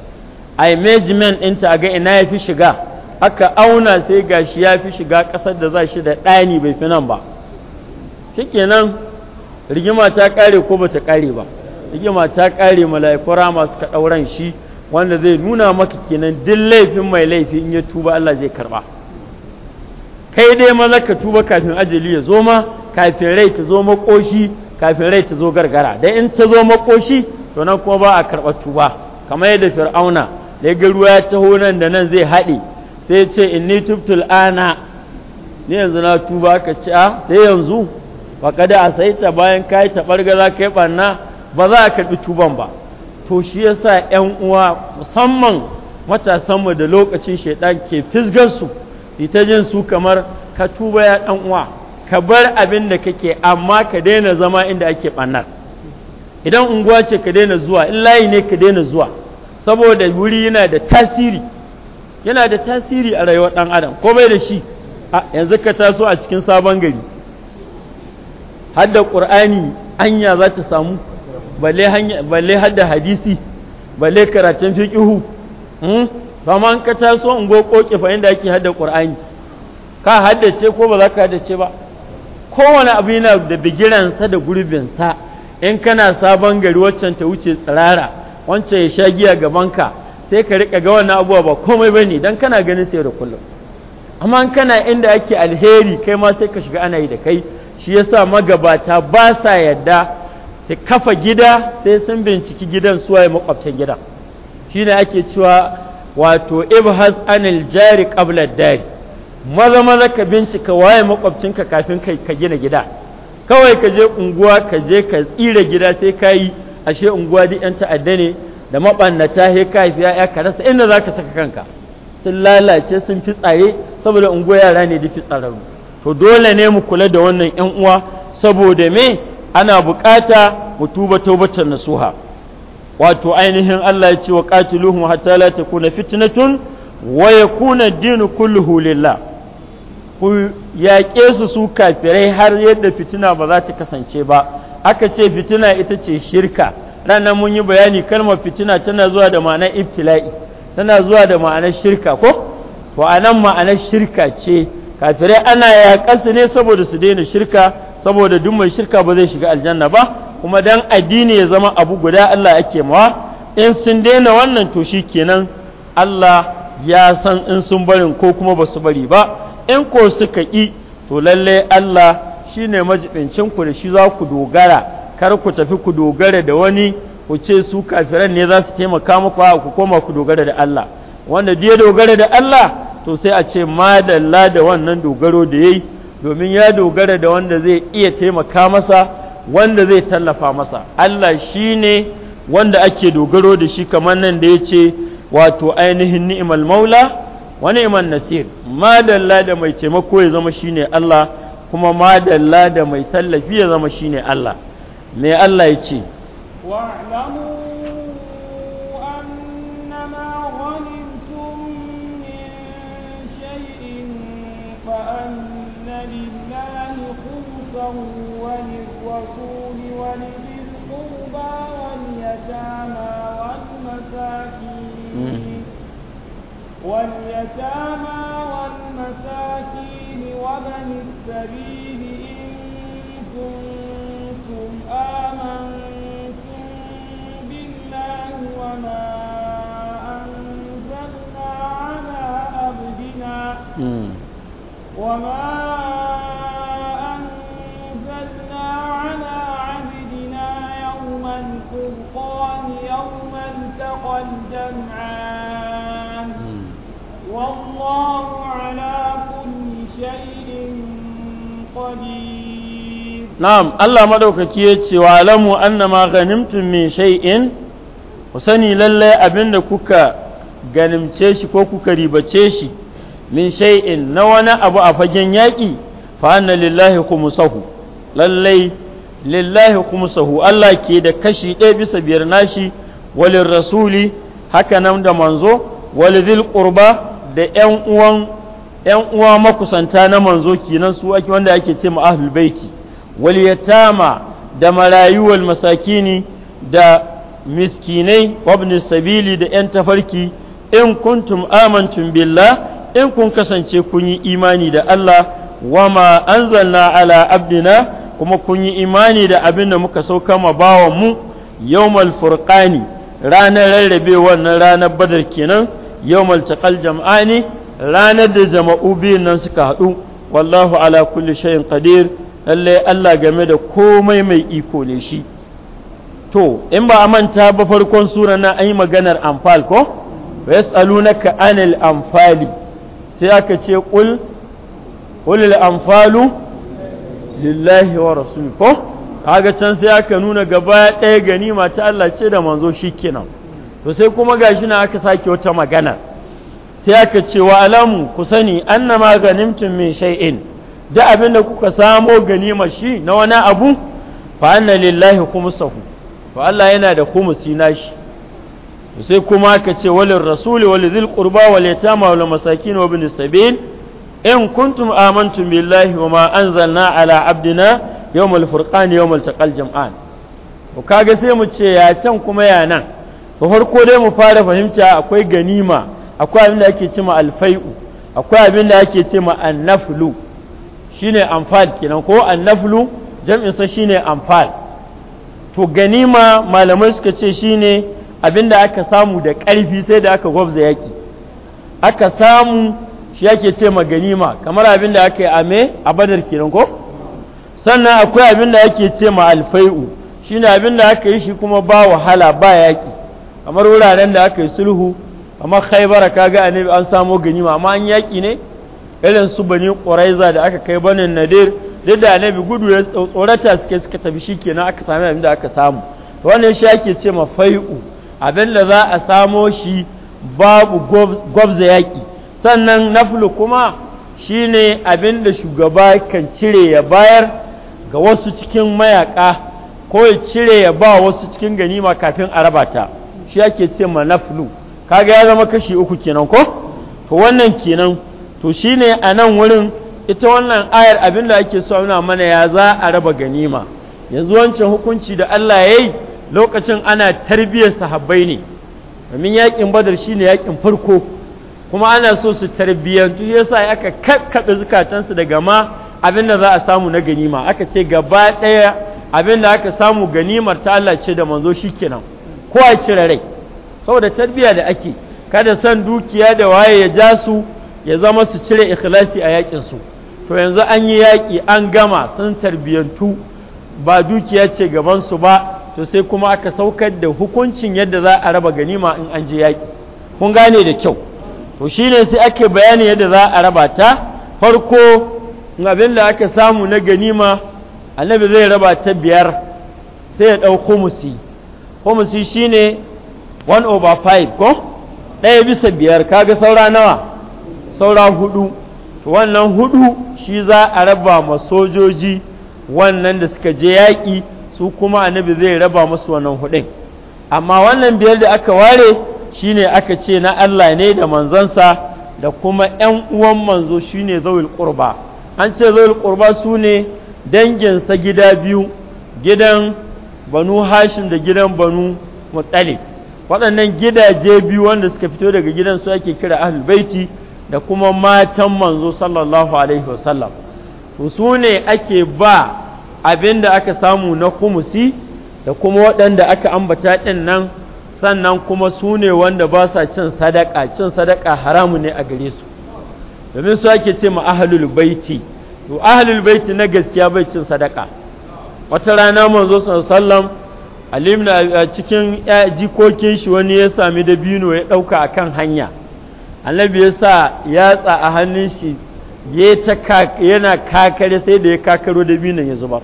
a men ɗinta a ga ina ya fi shiga aka auna sai gashi ya fi shiga ƙasar da za shi da ɗani bai fi nan ba shikenan rigima ta ƙare ko ba ta ƙare ba rigima ta ƙare mala'iku rama ka ɗauran shi wanda zai nuna maka kenan duk laifin mai laifi in ya tuba Allah zai karba kai dai maza ka tuba kafin ajali ya zo ma kafin rai ta zo makoshi kafin rai ta zo gargara dan in ta zo makoshi to nan kuma ba a karɓa tuba kamar yadda fir'auna da ga ruwa ya taho nan da nan zai haɗe sai ce inni tubtul ana ni yanzu na tuba ka ci a ah, sai yanzu wa kada a saita bayan kai ta ka yi ɓarna. ba za a karɓi tuban ba to shi yasa 'yan uwa musamman matasan mu da lokacin shaidan ke fisgar su ta jin su kamar ka tuba ya ɗan uwa ka bar abin da kake amma ka daina zama inda ake ɓannar idan unguwa ce ka daina zuwa in layi ne ka daina zuwa saboda wuri yana da tasiri yana da tasiri a rayuwar ɗan adam ko bai da shi yanzu ka taso a cikin sabon gari hadda ƙur'ani anya za ta samu balle hada hadisi balle karatun fiqihu hmm? ba ma an ka taso in go koke fa inda ake hadda qur'ani ka haddace ko ba za ka haddace ba kowane abu yana da bigiransa da gurbin sa in kana sabon gari waccan ta wuce tsirara wancan ya sha giya ka sai ka rika ga wannan abuwa ba komai ba ne kana ganin sai da kullum amma in kana inda ake alheri kai ma sai ka shiga ana yi da kai shi yasa magabata ba sa yadda su kafa gida sai sun binciki gidan suwaye makwabtan Shi ne ake cewa wato ibhas anil jari qabla dari maza maza ka bincika waye makwabcinka kafin kai ka gina gida kawai ka je unguwa ka je ka tsira gida sai ka yi ashe unguwa duk yan ta'adda ne da mabannata he ka haifi ya ka rasa inda zaka saka kanka sun lalace sun fitsaye saboda unguwa yara ne da fitsararru to dole ne mu kula da wannan yan uwa saboda me ana bukata mu tuba tawbatan nasuha wato ainihin Allah ya ce wa qatiluhum hatta la takuna fitnatun wa yakuna dinu kulluhu lillah ku yaƙe su su kafirai har yadda fitina ba za ta kasance ba aka ce fitina ita ce shirka ranar mun yi bayani kalmar fitina tana zuwa da ma'anar ibtila'i tana zuwa da ma'anar shirka ko to anan ma'anar shirka ce kafirai ana yaƙa ne saboda su daina shirka saboda duk mai shirka ba zai shiga aljanna ba kuma dan addini ya zama abu guda Allah ake mawa in sun daina wannan to kenan Allah ya san in sun barin ko kuma ba su bari ba in ko suka ki, to lalle Allah shine majibincin ku da shi za ku dogara kar ku tafi ku dogara da wani ku ce su kafiran ne za su taimaka muku ku koma ku dogara da Allah wanda ya dogara da Allah to sai a ce madalla da wannan dogaro da yayi domin ya dogara da wanda zai iya taimaka masa wanda zai tallafa masa Allah shi ne wanda ake dogaro da shi kamar nan da ya ce wato ainihin ni'imal maula wa ni'imal nasir madalla da mai taimako ya zama shi ne Allah kuma madalla da mai tallafi ya zama shi ne Allah me Allah ya ce له وللرسول ولذي القربى واليتامى والمساكين واليتامى والمساكين وابن السبيل إن كنتم آمنتم بالله وما أنزلنا على عبدنا وما والجمعان والله على كل شيء قدير نعم الله مدوكك يتي واعلموا أنما غنمتم من شيء وسني أبن كوكا ganimce shi ko kuka ribace shi min shay'in na wani abu a fagen yaƙi fa anna lillahi khumsahu lallai lillahi khumsahu Allah ke da kashi ɗaya bisa biyar nashi walin rasuli haka nan da manzo walidil ƙurba, da 'yan uwan uwa makusanta na manzo kenan su ake wanda ake ce ma ahlul baiti wal yatama da marayu wal masakini da miskinai wabni sabili da 'yan tafarki in kuntum amantum billah in kun kasance kun yi imani da Allah wama anzalna ala abdina kuma kun yi imani da abin da muka sauka ma bawan mu yawmal furqani ranar rarrabe wannan ranar badar kenan yau malcakal jama'a ne ranar da jama'u biyun nan suka haɗu wallahu ala kulli shayin qadir lallai Allah game da komai mai iko ne shi to in ba a manta ba farkon sura na an yi maganar amfal ko yas'alunaka anil amfali sai aka ce qul qul al lillahi wa rasul ko kaga can sai aka nuna gaba ɗaya ganima ta Allah ce da manzo kenan, to sai kuma gashi na aka sake wata magana sai aka ce wa alamu ku sani annama ganimtum min shay'in da abin da kuka samo ganima shi na wani abu fa anna lillahi khumsahu to Allah yana da khumsi nashi to sai kuma aka ce walil rasul walil dhil qurba wal yatama wal masakin wa ibn sabil in kuntum amantum billahi wa ma anzalna ala abdina yau malfurkan yau taqal jam'an to kaga sai mu ce ya can kuma ya nan to farko dai mu fara fahimta akwai ganima akwai abin da ake ce ma alfai'u akwai abin da ake ce ma annaflu shine anfal kenan ko annaflu jam'in sa shine amfal to ganima malamai suka ce shi ne abin da aka samu da ƙarfi sai da aka gwabza yaƙi aka samu shi ake ce ma ganima kamar abin da aka yi ame a badar kenan ko sannan akwai abin da yake ce ma alfai'u ne abin da aka yi shi kuma ba wahala ba yaƙi kamar wuraren da aka yi sulhu amma khaibara kaga annabi an samo ganima amma an yaƙi ne irin su bani ƙuraiza da aka kai banin nadir duk da annabi gudu ya tsorata suke suka tafi kenan aka sami abin da aka samu wannan shi ake ce ma fai'u abin da za a samo shi babu gwabza yaƙi sannan naflu kuma shine abin da shugaba kan cire ya bayar ga wasu cikin mayaka ko ya cire ya ba wasu cikin ganima kafin a raba ta shi ake ce ma naflu kaga ya zama kashi uku kenan ko to wannan kenan to shine a nan wurin ita wannan ayar abin da ake so nuna mana ya za a raba ganima yanzu wancan hukunci da Allah ya yi lokacin ana tarbiyyar sahabbai ne domin yakin badar shine yakin farko kuma ana so su tarbiyyantu yasa aka kakkaɓe zukatansu daga ma abin da za a samu na ganima aka ce gaba ɗaya abin da aka samu ganimar ta Allah ce da manzo shi kenan ko a cire rai saboda tarbiyya da ake kada san dukiya da waye ya ja su ya zama su cire ikhlasi a yakin su to yanzu an yi yaƙi an gama sun tarbiyantu ba dukiya ce gaban su ba to sai kuma aka saukar da hukuncin yadda za a raba ganima in an je yaki kun gane da kyau to shine sai ake bayani yadda za a raba ta farko in abin da aka samu na ganima annabi zai raba ta biyar sai ya ɗau kumusi kumusi ne 1 over 5 ko ɗaya bisa biyar kaga saura nawa saura hudu wannan hudu shi za a raba ma sojoji wannan da suka je yaƙi su kuma annabi zai raba masu wannan hudun amma wannan biyar da aka ware shi ne aka ce na Allah ne da manzansa da kuma ‘yan uwan manzo shine zawil ƙurba an ce zai qurba su ne danginsa gida biyu gidan banu hashim da gidan banu muttalib waɗannan gidaje biyu wanda suka fito daga gidan su ake kira ahlul baiti da kuma matan manzo sallallahu alaihi wasallam to su ne ake ba abin da aka samu na kumusi da kuma waɗanda aka ambata ɗin nan sannan kuma su ne wanda ba sa cin sadaka cin sadaka haramu ne a gare su domin su ake ce ma ahlul baiti to ahalul baiti na gaskiya bai cin sadaka wata rana manzo sallam alimna a cikin jikokin shi wani ya sami dabino ya ɗauka a kan hanya annabi ya sa yatsa a hannun shi yana kakare sai da ya kakaro dabinon ya zuba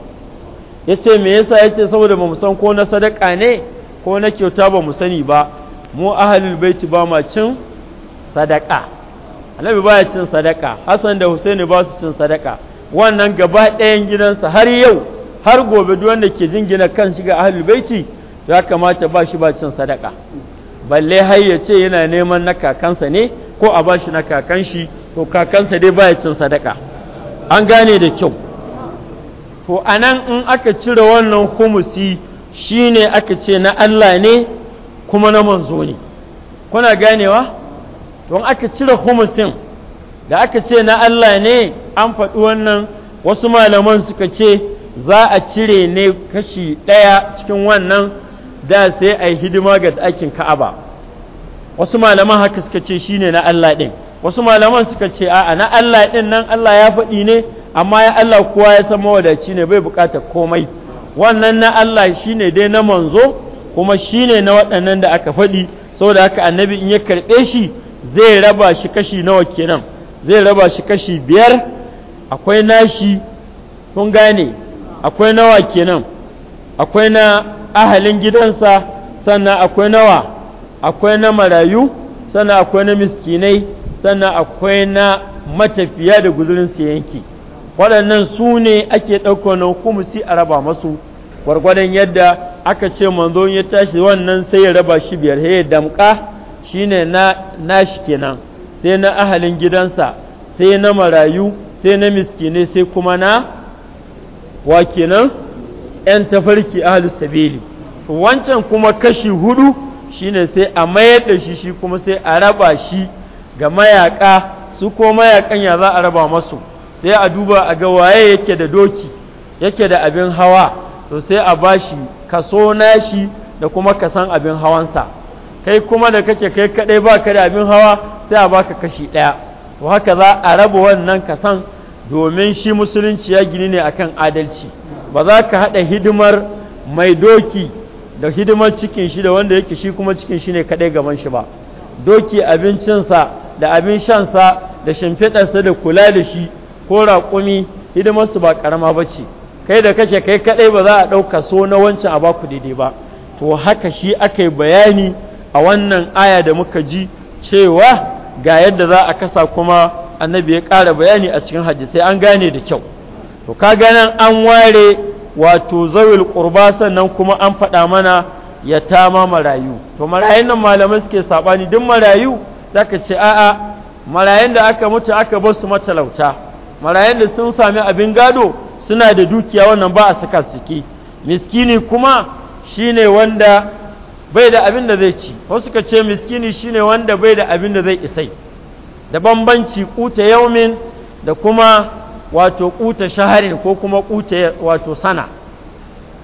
ya ce me yasa ya ce saboda ba san ko na sadaka ne ko na kyauta ba mu sani ba mu ahalul baiti ba ma cin sadaka annabi baya cin sadaka Hassan da Husaini ba su cin sadaka wannan gaba ɗayan gidansa har yau har gobe duk wanda ke jingina kan shiga ahlul baiti ya kamata ba shi ba cin sadaka balle har ya ce yana neman na kakansa ne ko a ba shi na kakanshi, ko kakansa dai baya cin sadaka an gane da kyau to anan in aka cire wannan shi shine aka ce na Allah ne kuma na manzo ne kuna ganewa don aka cire humusin da aka ce na Allah ne an faɗi wannan wasu malaman suka ce za a cire ne kashi ɗaya cikin wannan da sai a yi hidima ga ɗakin ka'aba wasu malaman haka suka ce shi ne na Allah ɗin wasu malaman suka ce a'a na Allah ɗin nan Allah ya faɗi ne amma ya Allah kowa ya san mawadaci ne bai buƙatar komai wannan na Allah shi ne dai na manzo kuma shi ne na waɗannan da aka faɗi saboda haka annabi in ya karɓe shi zai raba shi kashi nawa kenan zai raba shi kashi biyar akwai nashi kun gane akwai nawa kenan akwai na ahalin gidansa sannan akwai nawa akwai na marayu sannan akwai na miskinai sannan akwai na matafiya da guzurin su yanki waɗannan su ne ake ɗaukar na si a raba masu gwargwadon yadda aka ce manzon ya tashi wannan sai ya raba shi biyar ya damƙa shi ne na nashi kenan sai na ahalin gidansa sai na marayu sai na miskine sai kuma na wa kenan ‘yan tafarki ahalus sabili wancan kuma kashi hudu ne sai a mayar da shi shi kuma sai a raba shi ga mayaka su ko mayakan ya za a raba masu sai a duba a ga waye yake da doki yake da abin hawa to sai a bashi kaso nashi da kuma kasan abin hawansa kai kuma da kake kai kadai baka da abin hawa sai a baka kashi daya to haka za a rabu wannan kasan domin shi musulunci ya gini ne akan adalci ba za ka hada hidimar mai doki da hidimar cikin shi da wanda yake shi kuma cikin shi ne kadai gaban shi ba doki abincinsa da abin shansa da shimfiɗarsa da kula da shi ko raƙumi hidimar su ba karama ba ce kai da kake kai kaɗai ba za a ɗauka so na wancan a baku daidai ba to haka shi aka yi bayani a wannan aya da muka ji cewa ga yadda za a kasa kuma annabi ya ƙara bayani a cikin hajji sai an gane da kyau to ka ganin an ware wato zawil qurba sannan kuma an faɗa mana ya tama marayu to marayun nan malamai suke saɓani duk marayu zaka ce a'a marayun da aka mutu aka bar su matalauta marayun da sun sami abin gado suna da dukiya wannan ba a saka miskini kuma shine wanda bai da abin da zai ci wasu ka ce miskini shine wanda bai da abin da zai isai da bambanci kuta yaumin da kuma wato kuta shaharin ko kuma kuta wato sana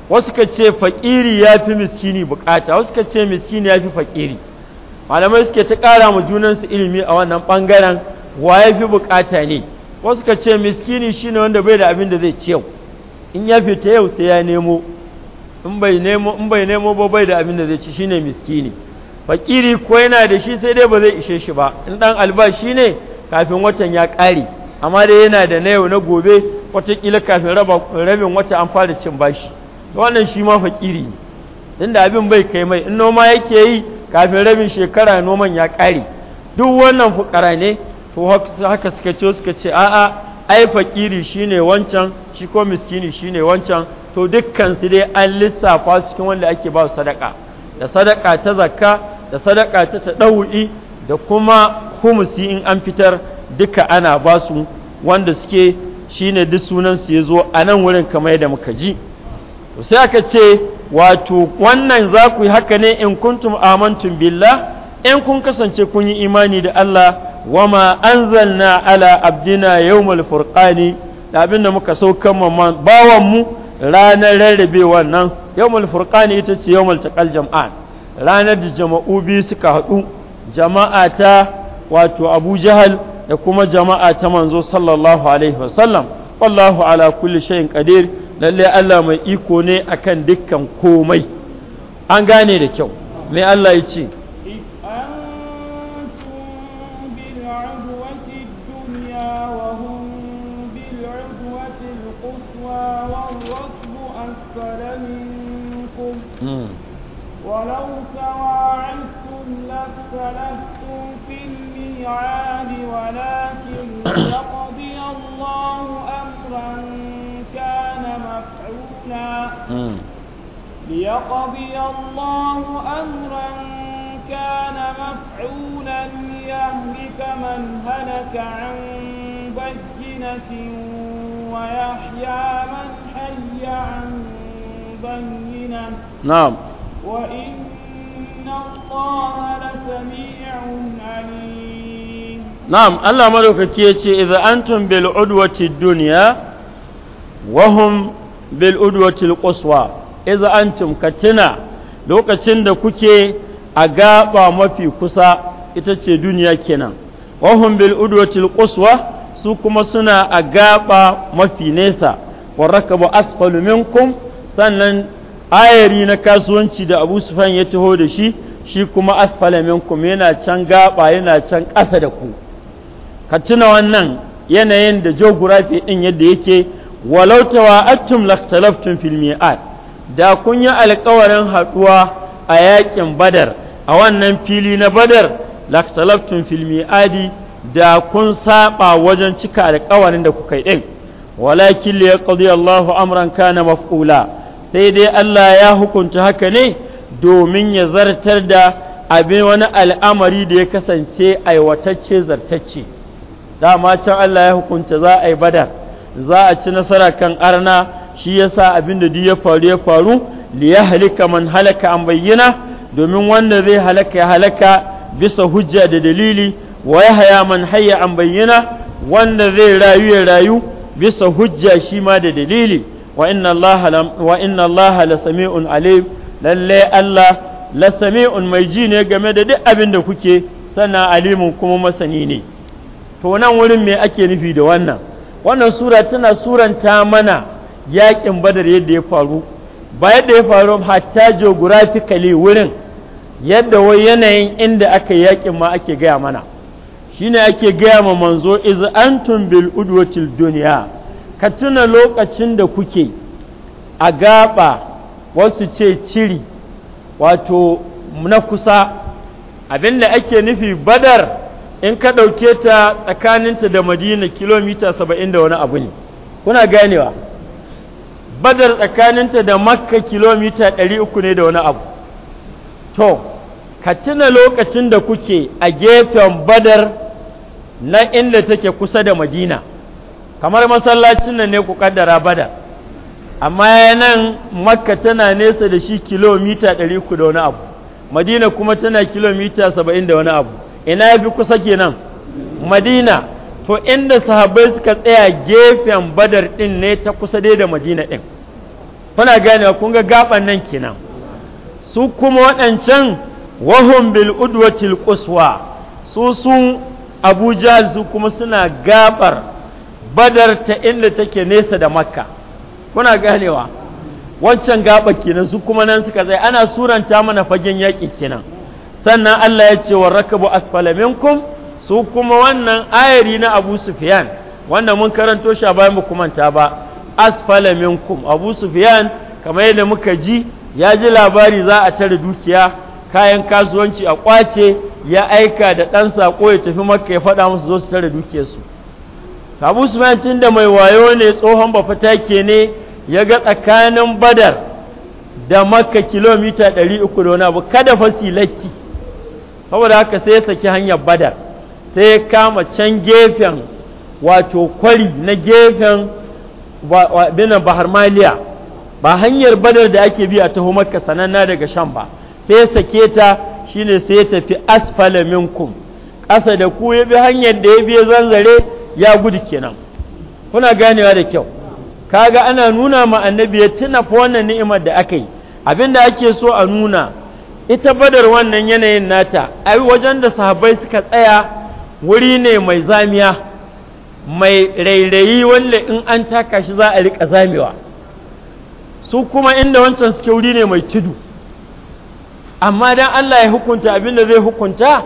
wasu ka ce fakiri ya fi miskini bukata wasu ka ce miskini ya fi fakiri malamai suke ta kara ma junansu ilimi a wannan bangaren wa ya fi bukata ne wasu ka ce miskini shine wanda bai da abin da zai ci yau in ya fita yau sai ya nemo in bai nemo ba bai da abin da zai ci shine miskini fakiri ko yana da shi sai dai ba zai ishe shi ba in dan albashi ne kafin watan ya kare amma dai yana da na yau na gobe watakila kafin rabin wata an fara cin bashi wannan shi ma fakiri ne inda abin bai kai mai in noma yake yi kafin rabin shekara noman ya kare duk wannan fukara ne to haka suka ce suka ce a'a ai fakiri shine wancan shi ko miskini shine wancan to dukkan dai an lissafa cikin wanda ake ba su sadaka da sadaka ta zakka da sadaka ta tadawi da kuma humusi in an fitar duka ana ba su wanda suke shine duk sunan su yazo a nan wurin kamar yadda muka ji to sai aka ce wato wannan za ku yi haka ne in kuntum amantum billah in kun kasance kun yi imani da Allah wama anzalna ala abdina yawmal furqani da abinda da muka saukan bawan mu ranar rarrabe wannan yawmul furqani ita ce yawmul takal jama'a. ranar da jama'u biyu suka haɗu jama'a ta wato Abu da kuma jama'a ta manzo sallallahu alaihi wasallam wallahu ala kulli shay'in kadir lalle Allah mai iko ne akan dukkan komai an gane da kyau mai Allah ya ce اختلفتم في الميعاد ولكن يقضي الله أمرا كان مفعولا ليقضي الله أمرا كان مفعولا ليهلك من هلك عن بينة ويحيى من حي عن بينة نعم وإن na'am Allah madaukaki ya ce idza antum bil udwati dunya wa hum bil udwati al quswa idza antum katina lokacin da kuke a gaɓa mafi kusa ita ce duniya kenan wa hum bil udwati su kuma suna a gaɓa mafi nesa wa rakabu asfalu minkum sannan ayari na kasuwanci da abu sufan ya taho da shi shi kuma asfala minkum yana can gaba yana can ƙasa da ku ka tuna wannan yanayin da geography ɗin yadda yake walautawa tawa'attum lakhtalaftum fil mi'at da kun yi alƙawarin haɗuwa a yakin badar a wannan fili na badar lakhtalaftum fil mi'adi da kun saba wajen cika alƙawarin da kuka yi din walakin li yaqdi Allahu amran kana maf'ula sai dai Allah ya hukunta haka ne domin ya zartar da abin wani al'amari da ya kasance aiwatacce zartacce dama can Allah ya hukunta za a yi badar za a ci nasara kan arna shi ya sa abin da ya faru ya faru li ya halika man halaka an bayyana domin wanda zai halaka ya halaka bisa hujja da dalili wa ya haya man haya an bayyana wanda zai rayu ya rayu bisa hujja shi ma da dalili wa inna allaha la sami'un alim lalle Allah la sami'un mai ji ne game da duk abin da kuke sannan alimun kuma masani ne to nan wurin me ake nufi da wannan wannan sura tana suranta mana yakin badar yadda ya faru ba yadda ya faru hatta geographically wurin yadda wai yanayin inda aka yakin ma ake gaya mana shine ake gaya ma manzo iz antum bil udwatil dunya ka tuna lokacin da kuke a gaba wasu ce ciri wato na kusa abin ake nufi badar in ka ɗauke ta tsakaninta da madina kilomita saba'in da wani abu ne kuna ganewa badar tsakaninta da makka kilomita ɗari ne da wani abu to ka tuna lokacin da kuke a gefen badar na inda take kusa da madina kamar masallacin nan ne ku kaddara bada amma nan makka tana nesa da shi kilomita 300 da wani abu madina kuma tana kilomita 70 da wani abu ina ya kusa kenan madina to inda sahabbai suka tsaya gefen badar din ne ta kusa dai da madina din kuna gane kun ga gaban nan kenan su kuma waɗancan wahum bil udwatil quswa su sun abuja su kuma suna gabar badar ta inda take nesa da makka kuna ganewa wancan gaba kenan su kuma nan suka zai ana suranta mana fagen yaƙi kenan sannan Allah ya ce wa rakabu asfala minkum su kuma wannan ayari na Abu Sufyan wanda mun karanto shi a bayan mu kumanta ba asfala minkum Abu Sufyan kamar yadda muka ji ya ji labari za a tare dukiya kayan kasuwanci a kwace ya aika da ɗan sako ya tafi makka ya faɗa musu zo su tare dukiyarsu abu usman tun da mai wayo ne tsohon ba bafatake ne ya ga tsakanin badar da makka kilomita 300 da wani abu kada fasilaki saboda haka sai ya saki hanyar badar sai ya kama can gefen wato kwari na gefen binan bahar maliya ba hanyar badar da ake bi a taho makka sananna daga shan ba sai ya sake ta shine sai ya tafi asfala minkum ƙasa da ku ya bi hanyar da ya biya zanzare ya gudu kenan kuna ganewa da kyau kaga ana nuna ma annabi ya tuna fa wannan ni'imar da aka yi abinda ake so a nuna ita badar wannan yanayin nata ai wajen da sahabbai suka tsaya wuri ne mai zamiya mai rairayi wanda in an taka shi za a rika zamewa su kuma inda wancan suke wuri ne mai tudu amma dan Allah ya hukunta abin da zai hukunta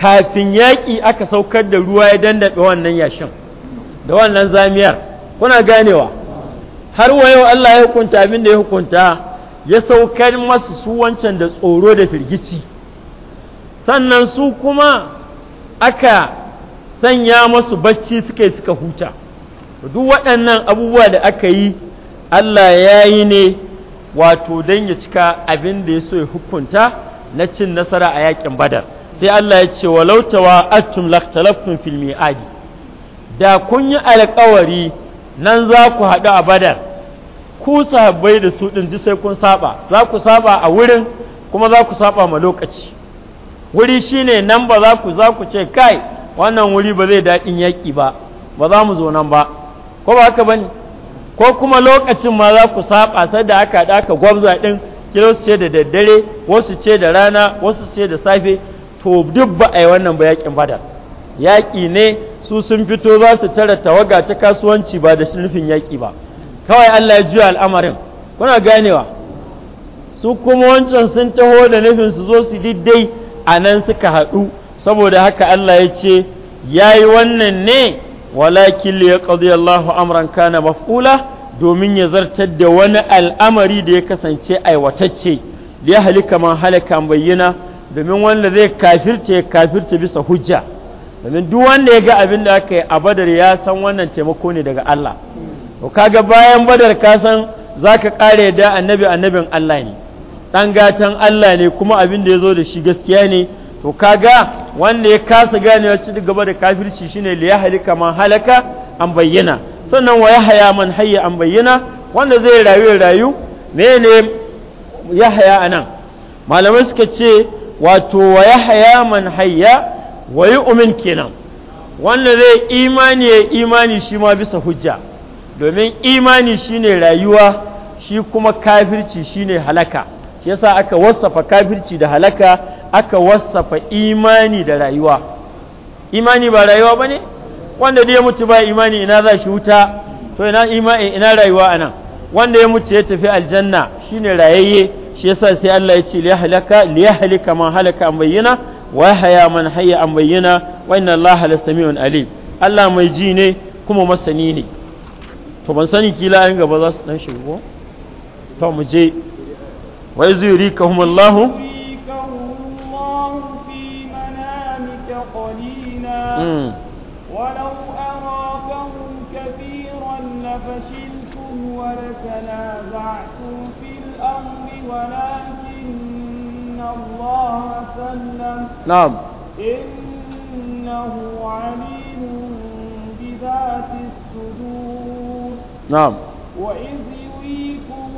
kafin yaƙi aka saukar da ruwa ya dandaɓe wannan yashin da wannan zamiyar kuna ganewa har wa yau Allah ya hukunta abin da ya hukunta ya saukar masu su wancan da tsoro da firgici sannan su kuma aka sanya masu bacci suka yi suka huta duk waɗannan abubuwa da aka yi Allah ya yi ne wato don ya cika abin da ya so ya hukunta na cin nasara a yakin badar sai Allah ya ce walautawa atum laktalaftum fil mi'adi da kun yi alƙawari nan za ku haɗu a badar ku sahabbai da su ɗin sai kun saba za ku saba a wurin kuma za ku saba ma lokaci wuri shine nan ba za ku za ku ce kai wannan wuri ba zai daɗin yaƙi ba ba za mu zo nan ba ko ba haka bane ko kuma lokacin ma za ku saba sai da aka haɗa aka gwabza ɗin kilo ce da daddare wasu ce da rana wasu ce da safe to duk ba a yi wannan ba yaƙin badar yaƙi ne su sun fito za su tara tawaga ta kasuwanci ba da nufin yaƙi ba kawai Allah ya juya al'amarin kuna ganewa su kuma wancan sun taho da nufin su zo su diddai a nan suka haɗu saboda haka Allah ya ce ya yi wannan ne walakin ya ƙazi Allahu amran kana maf'ula domin ya zartar da wani al'amari da ya kasance aiwatacce ya halika man halaka bayyana domin wanda zai kafirce kafirce bisa hujja domin duk wanda ya ga abin da aka yi a badar ya san wannan taimako ne daga Allah to kaga bayan badar ka san za zaka kare da annabi annabin Allah ne ɗan gatan Allah ne kuma abin da ya zo da shi gaskiya ne to kaga wanda ya kasa ganewa ci gaba da kafirci shine liya halika man halaka an bayyana sannan wa yahya man hayya an bayyana wanda zai rayu rayu ne ne yahya anan malamai suka ce wato wa haya man hayya wa yu'min kenan wanda zai imani ya imani shi ma bisa hujja domin imani shine rayuwa shi kuma kafirci shine halaka yasa aka wasafa kafirci da halaka aka wasafa imani da rayuwa imani ba rayuwa bane wanda da ya mutu ba imani ina za shi wuta to ina imani ina rayuwa anan wanda ya mutu ya tafi aljanna shine rayayye shi yasa sai Allah ya ce liyahlika liyahlika man halaka an bayyana wa haya man hayya an bayyana wa inna Allah lasamiun alim Allah mai ji ne kuma masani ne to ban sani kila an gaba za su dan shigo to mu je wa yurikahum Allah ولو أراكم كثيرا لفشلتم ولتنازعتم في ولكن الله سلم نعم إنه عليم بذات الصدور نعم وإذ يريكم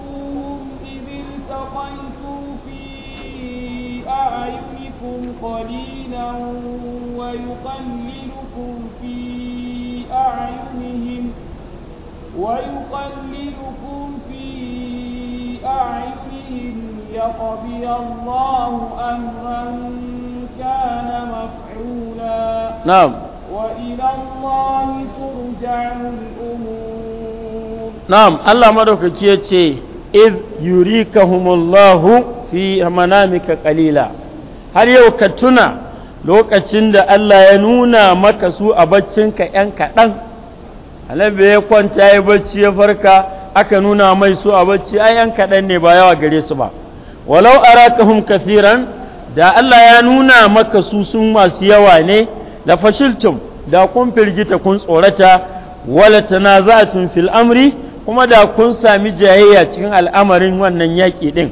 إذ التقيتم في أعينكم قليلا ويقللكم في أعينهم ويقللكم في بأعينهم يقضي الله أمرا كان مفعولا نعم وإلى الله ترجع الأمور نعم الله مدوك كيتشي إذ يريكهم الله في منامك قليلا هل يوكتنا lokacin da Allah ya nuna maka su a baccinka ‘yan kaɗan, annabi ya kwanta ya bacci ya farka aka nuna mai su a bacci ai an kaɗan ne ba yawa gare su ba walau arakahum kathiran da Allah ya nuna maka su sun masu yawa ne la fashiltum da kun firgita kun tsorata wala tanaza'tum fil amri kuma da kun sami jayayya cikin al'amarin wannan yaƙi din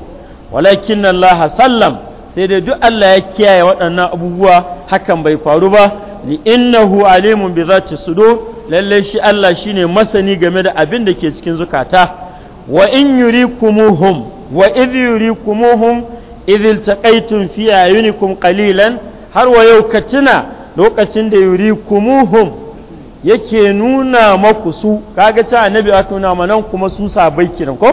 walakin Allah sallam sai da duk Allah ya kiyaye waɗannan abubuwa hakan bai faru ba li innahu alimun bi zati sudur lallai shi Allah shi ne masani game da abin da ke cikin zukata wa in yuri kumuhum? wa yuri kumuhum iz iltaqaytum fi ayunikum qalilan har wa yau ka tuna lokacin da yuri kumuhum yake nuna maku su kaga ta annabi a tuna manan kuma su sabai kiran ko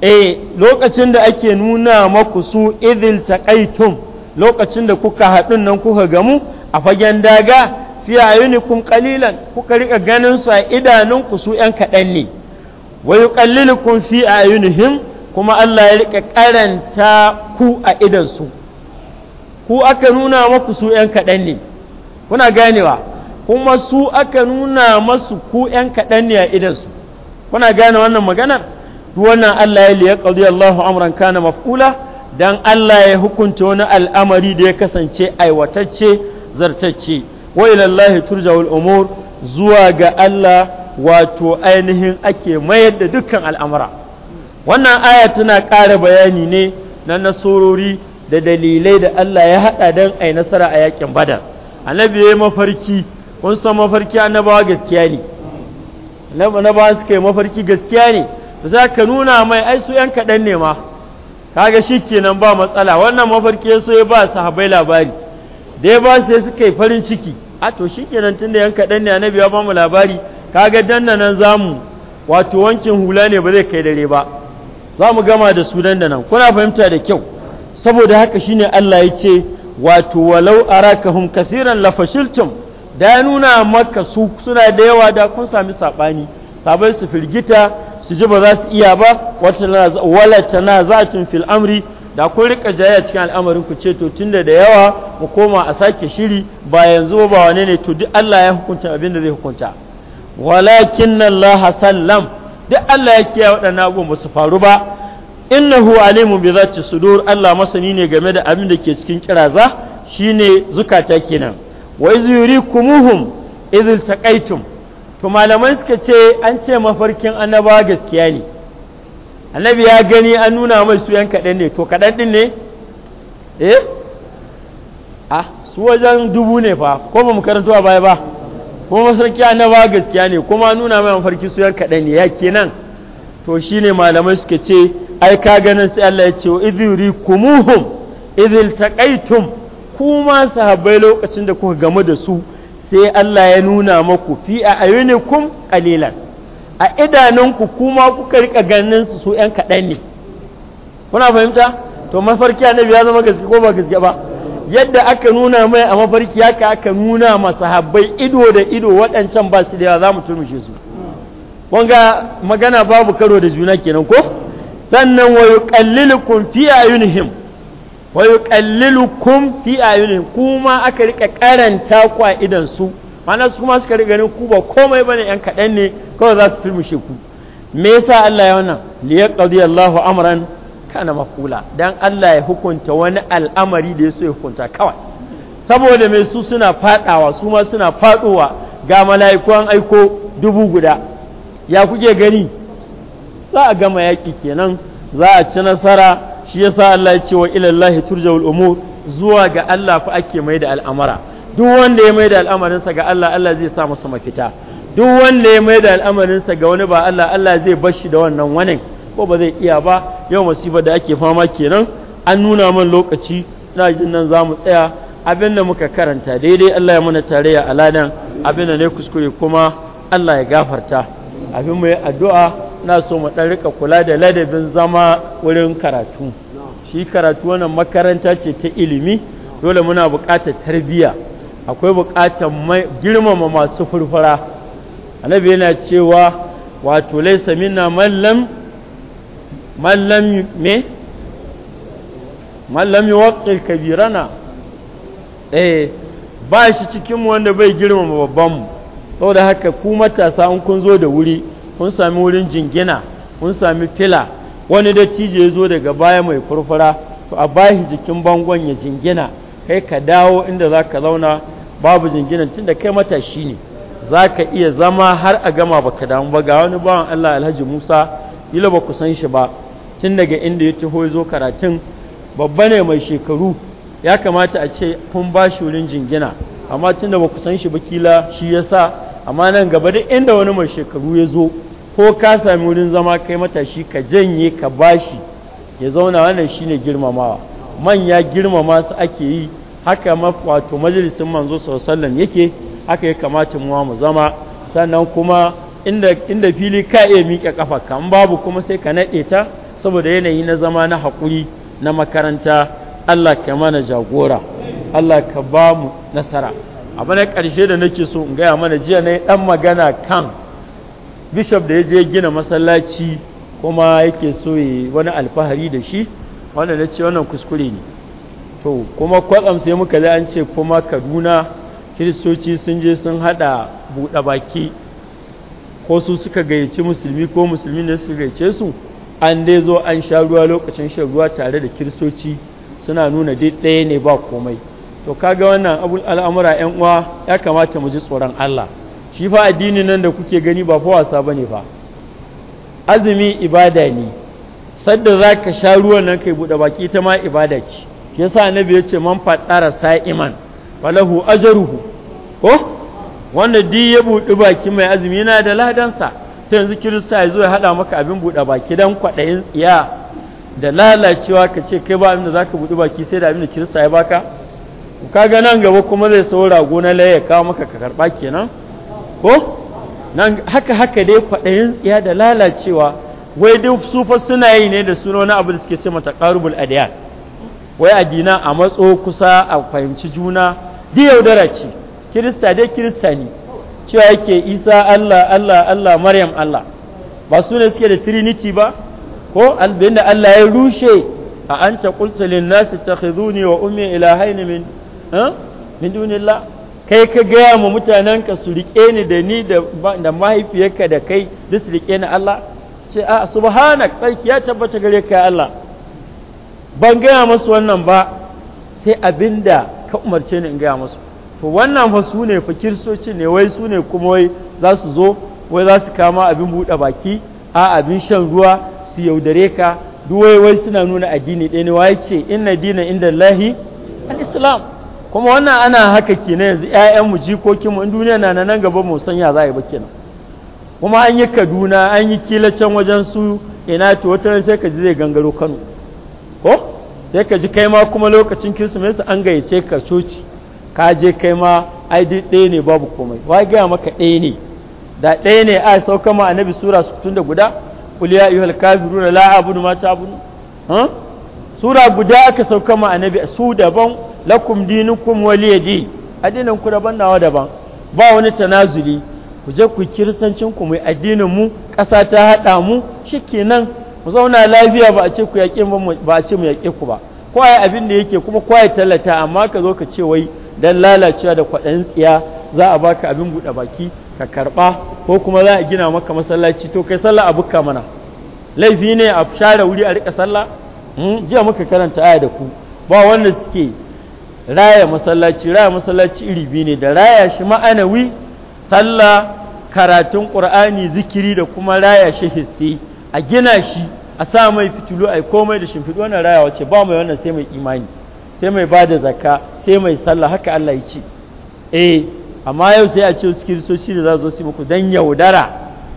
eh lokacin da ake nuna maku su iz iltaqaytum lokacin da kuka haɗun nan kuka gamu a fagen daga fiyayuni kum kalilan kuka rika ganin su a idanunku su yan kaɗan ne wa yuqallilukum fi ayunihim kuma Allah ya rika karanta ku a idan su ku aka nuna maku su yan kaɗan ne kuna ganewa kuma su aka nuna masu ku yan kaɗan ne a idan su kuna gane wannan maganar wannan Allah ya liya qadi Allahu amran kana maf'ula dan Allah ya hukunta wani al'amari da ya kasance aiwatacce zartacce wa ilallahi turjawul umur zuwa ga Allah wato ainihin ake mayar da dukkan al'amura wannan aya tana ƙara bayani ne na nasarori da dalilai da Allah ya haɗa don a nasara a yakin badar annabi ya yi mafarki kun san mafarki annabawa gaskiya ne annabawa suka yi mafarki gaskiya ne za ka nuna mai ai su ‘yan kaɗan ne ma kaga shi kenan ba matsala wannan mafarki ya so ya ba sahabai labari da ya ba su suka yi farin ciki a to tun tunda yan kaɗan ne annabi ya mu labari kaga danna nan zamu wato wankin hula ne ba zai kai dare ba za mu gama da su dan nan kuna fahimta da kyau saboda haka shine Allah ya ce wato walau arakahum kasiran fashiltum da ya nuna maka su suna da yawa da kun sami sabani sabai su firgita su ji ba za su iya ba wala tanaza'atun fil amri da kun rika jaya cikin al'amarin ku ce to tunda da yawa mu koma a sake shiri ba yanzu ba wane ne to duk Allah ya hukunta abin da zai hukunta walakin Allah sallam duk Allah ya kiyaye waɗannan abubuwan ba su faru ba innahu alimu bi zati sudur Allah masani ne game da abin da ke cikin kiraza shine zukata kenan wa iz yurikumuhum iz taqaitum to malamai suka ce an ce mafarkin annabawa gaskiya ne annabi ya gani an nuna mai su yan kaɗan ne to kaɗan ɗin ne eh a su wajen dubu ne fa ko ba mu karanto a baya ba kuma masarki annaba gaskiya ne kuma nuna mai mafarki su yan kaɗan ne ya kenan to shi ne malamai suka ce ai ka ganin sai Allah ya ce wa idhuri kumuhum idhil taqaitum kuma sahabbai lokacin da kuka gamu da su sai Allah ya nuna maku fi a ayunikum qalilan a idanunku kuma kuka rika ganin su su ‘yan kaɗan ne kuna fahimta to mafarki annabi ya zama gaske ko ba gaske ba yadda aka nuna mai a mafarki haka aka nuna ma habbai ido da ido waɗancan ba su da yawa za mu turmushe su wanga magana babu karo da juna kenan ko sannan wa yuqallilukum fi ayunihim wa yuqallilukum fi ayunihim kuma aka rika karanta ku a idan su mana su kuma suka ganin ku ba komai ba ne yan kaɗan ne kawai za su turmushe ku me yasa Allah ya wannan liyaqdi Allahu amran kana makula dan Allah ya hukunta wani al'amari da ya so ya hukunta kawai saboda mai su suna fadawa su ma suna fadowa ga mala'iku an aiko dubu guda ya kuke gani za a gama yaƙi kenan za a ci nasara shi yasa Allah ya ce wa ilallahi turja'ul umur zuwa ga Allah fa ake mai da al'amara duk wanda ya mai da al'amarinsa ga Allah Allah zai sa masa mafita duk wanda ya mai da al'amarinsa ga wani ba Allah Allah zai bar shi da wannan wani ko ba zai iya ba yau masifa da ake fama kenan an nuna mun lokaci ina jin nan za mu tsaya abin da muka karanta daidai Allah ya mana tarayya a ladan abin da ne kuskure kuma Allah ya gafarta abin mu addu'a na so mu dan rika kula da ladabin zama wurin karatu shi karatu wannan makaranta ce ta ilimi dole muna buƙatar tarbiyya akwai buƙatar girmama masu furfura annabi yana cewa wato laisa minna mallam mallam me mallam yuwaqqil kabirana eh ba shi cikin wanda bai girmama babban mu saboda haka ku matasa in kun zo da wuri kun sami wurin jingina kun sami fila wani dattijo ya zo daga baya mai furfura to a bashi jikin bangon ya jingina kai ka dawo inda za ka zauna babu jingina tunda kai matashi ne za ka iya zama har a gama baka damu ba ga wani bawan Allah Alhaji Musa ila ba ku san shi ba tun daga inda ya taho zo karatun babba ne mai shekaru ya kamata a ce kun ba shi wurin jingina amma tun da ba ku san shi ba kila shi ya sa amma nan gaba duk inda wani mai shekaru ya zo ko ka sami wurin zama kai matashi ka janye ka bashi ya zauna wannan shine girmamawa manya girmama su ake yi haka wato majalisin manzo sallam yake haka ya kamata muwa mu zama sannan kuma inda fili ka iya miƙe kafa kan babu kuma sai ka naɗe ta saboda yanayi na zama na haƙuri na makaranta Allah ka mana jagora Allah ka ba mu nasara abu na ƙarshe da nake so in gaya mana jiya na ɗan magana kan bishop da ya je gina masallaci kuma yake so ya wani alfahari da shi wanda na ce wannan kuskure ne to kuma kwatsam sai muka ji an ce kuma kaduna kiristoci sun je sun hada buɗe baki ko su suka gayyaci musulmi ko musulmi ne suka gayyace su an dai zo an sha ruwa lokacin shan ruwa tare da kiristoci suna nuna dai ɗaya ne ba komai to kaga wannan abun al'amura yan uwa ya kamata mu ji tsoron Allah shi fa addini nan da kuke gani ba fa wasa bane ba. azumi ibada ne sadda zaka sha ruwan nan kai buɗe baki ta ma ibada ce yasa annabi ya ce man faɗara sa'iman falahu ajruhu ko wanda di ya buɗi baki mai azumi yana da ladansa ta yanzu kirista ya zo ya haɗa maka abin buɗe baki dan kwaɗayin tsiya da lalacewa ka ce kai ba abin da zaka buɗi baki sai da abin da kirista ya baka kaga nan gaba kuma zai saura gona laye ya kawo maka ka karɓa kenan ko nan haka haka dai kwaɗayin tsiya da lalacewa wai duk su fa suna yi ne da sunan abu da suke ce mata ƙarubul adiyan wai dina a matso kusa a fahimci juna duk yaudara ce kirista dai kirista ne cewa yake isa allah allah allah maryam allah ba su ne suke da trinity ba ko albin allah ya rushe a an ta kulta linnasi ta khizuni wa ummi ilahaini min min dunillah kai ka gaya ma mutanenka su riƙe ni da ni da mahaifiyarka da kai duk su riƙe ni allah ce a subhanak tsarki ya tabbata gare ka allah ban gaya masu wannan ba sai abinda ka umarce ni in gaya masu to wannan fa su ne fa soci ne wai su ne kuma wai za su zo wai za su kama abin buɗe baki a abin shan ruwa su yaudare ka duwai wai suna nuna addini ɗaya ne wai ce inna dina inda lahi al-islam kuma wannan ana haka na yanzu ƴaƴanmu jikokinmu in duniya na nan gaba mu san ya za a yi ba kenan kuma an yi kaduna an yi kilacen wajen su ina to wata sai ka ji zai gangaro kano ko sai ka ji kai ma kuma lokacin kirsimeti an gayyace ka coci ka je kai ma ai ɗaya ne babu komai wai gaya maka ɗaya ne da ɗaya ne a sauka ma annabi sura tun da guda qul ya ayyuhal kafiruna la a'budu ma ta'budun ha sura guda aka sauka ma annabi su daban lakum dinukum waliyadi addinin ku daban nawa daban ba wani tanazuli ku je ku kirsancin ku mai addinin mu ƙasa ta haɗa mu shikenan ku zauna lafiya ba a ce ku yaƙe ba a ce mu yaƙe ku ba kwaye abin da yake kuma kwaye tallata amma ka zo ka ce wai dan lalacewa da kwaɗan tsiya za a baka abin buɗe baki ka karɓa ko kuma za a gina maka masallaci to kai sallah a bukka mana laifi ne a share wuri a riƙa sallah hmm? jiya muka karanta aya da ku ba wanda suke raya masallaci raya masallaci iri biyu ne da raya shi ma'anawi sallah karatun ƙur'ani zikiri da kuma raya shi hissi a gina shi a sa mai fitilu a komai da shimfiɗu wannan raya wace ba mai wannan sai mai imani sai mai ba da zaka sai mai sallah haka Allah ya ce eh amma yau sai a ce su kiristoci da za su su muku dan yaudara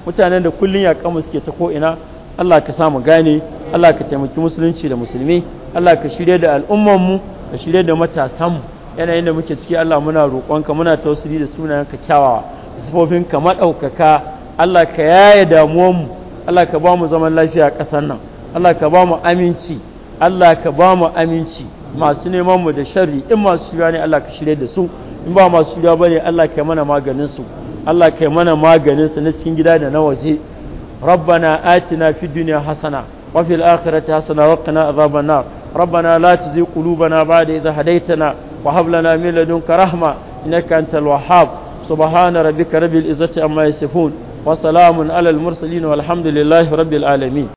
mutanen da kullun ya kama suke ta ko'ina Allah ka samu gane Allah ka taimaki musulunci da musulmi Allah ka shirya da al'ummanmu ka shirya da matasanmu yanayin da muke ciki Allah muna roƙonka muna tausiri da sunayenka kyawawa sufofinka maɗaukaka Allah ka yaya damuwanmu Allah ka ba mu zaman lafiya a ƙasar nan Allah ka ba mu aminci Allah ka ba mu aminci masu neman mu da sharri in masu shirya ne Allah ka shirya da su in ba masu shirya ba ne Allah kai mana maganin su Allah ka mana maganin na cikin gida da na waje rabbana atina fid dunya hasana wa fil akhirati hasana wa qina adhaban nar rabbana la tuzigh ba da idh hadaytana wa hab lana min ladunka rahma innaka antal wahhab subhana rabbika rabbil izzati amma yasifun wasalamun salamun alal mursalin walhamdulillahi rabbil alamin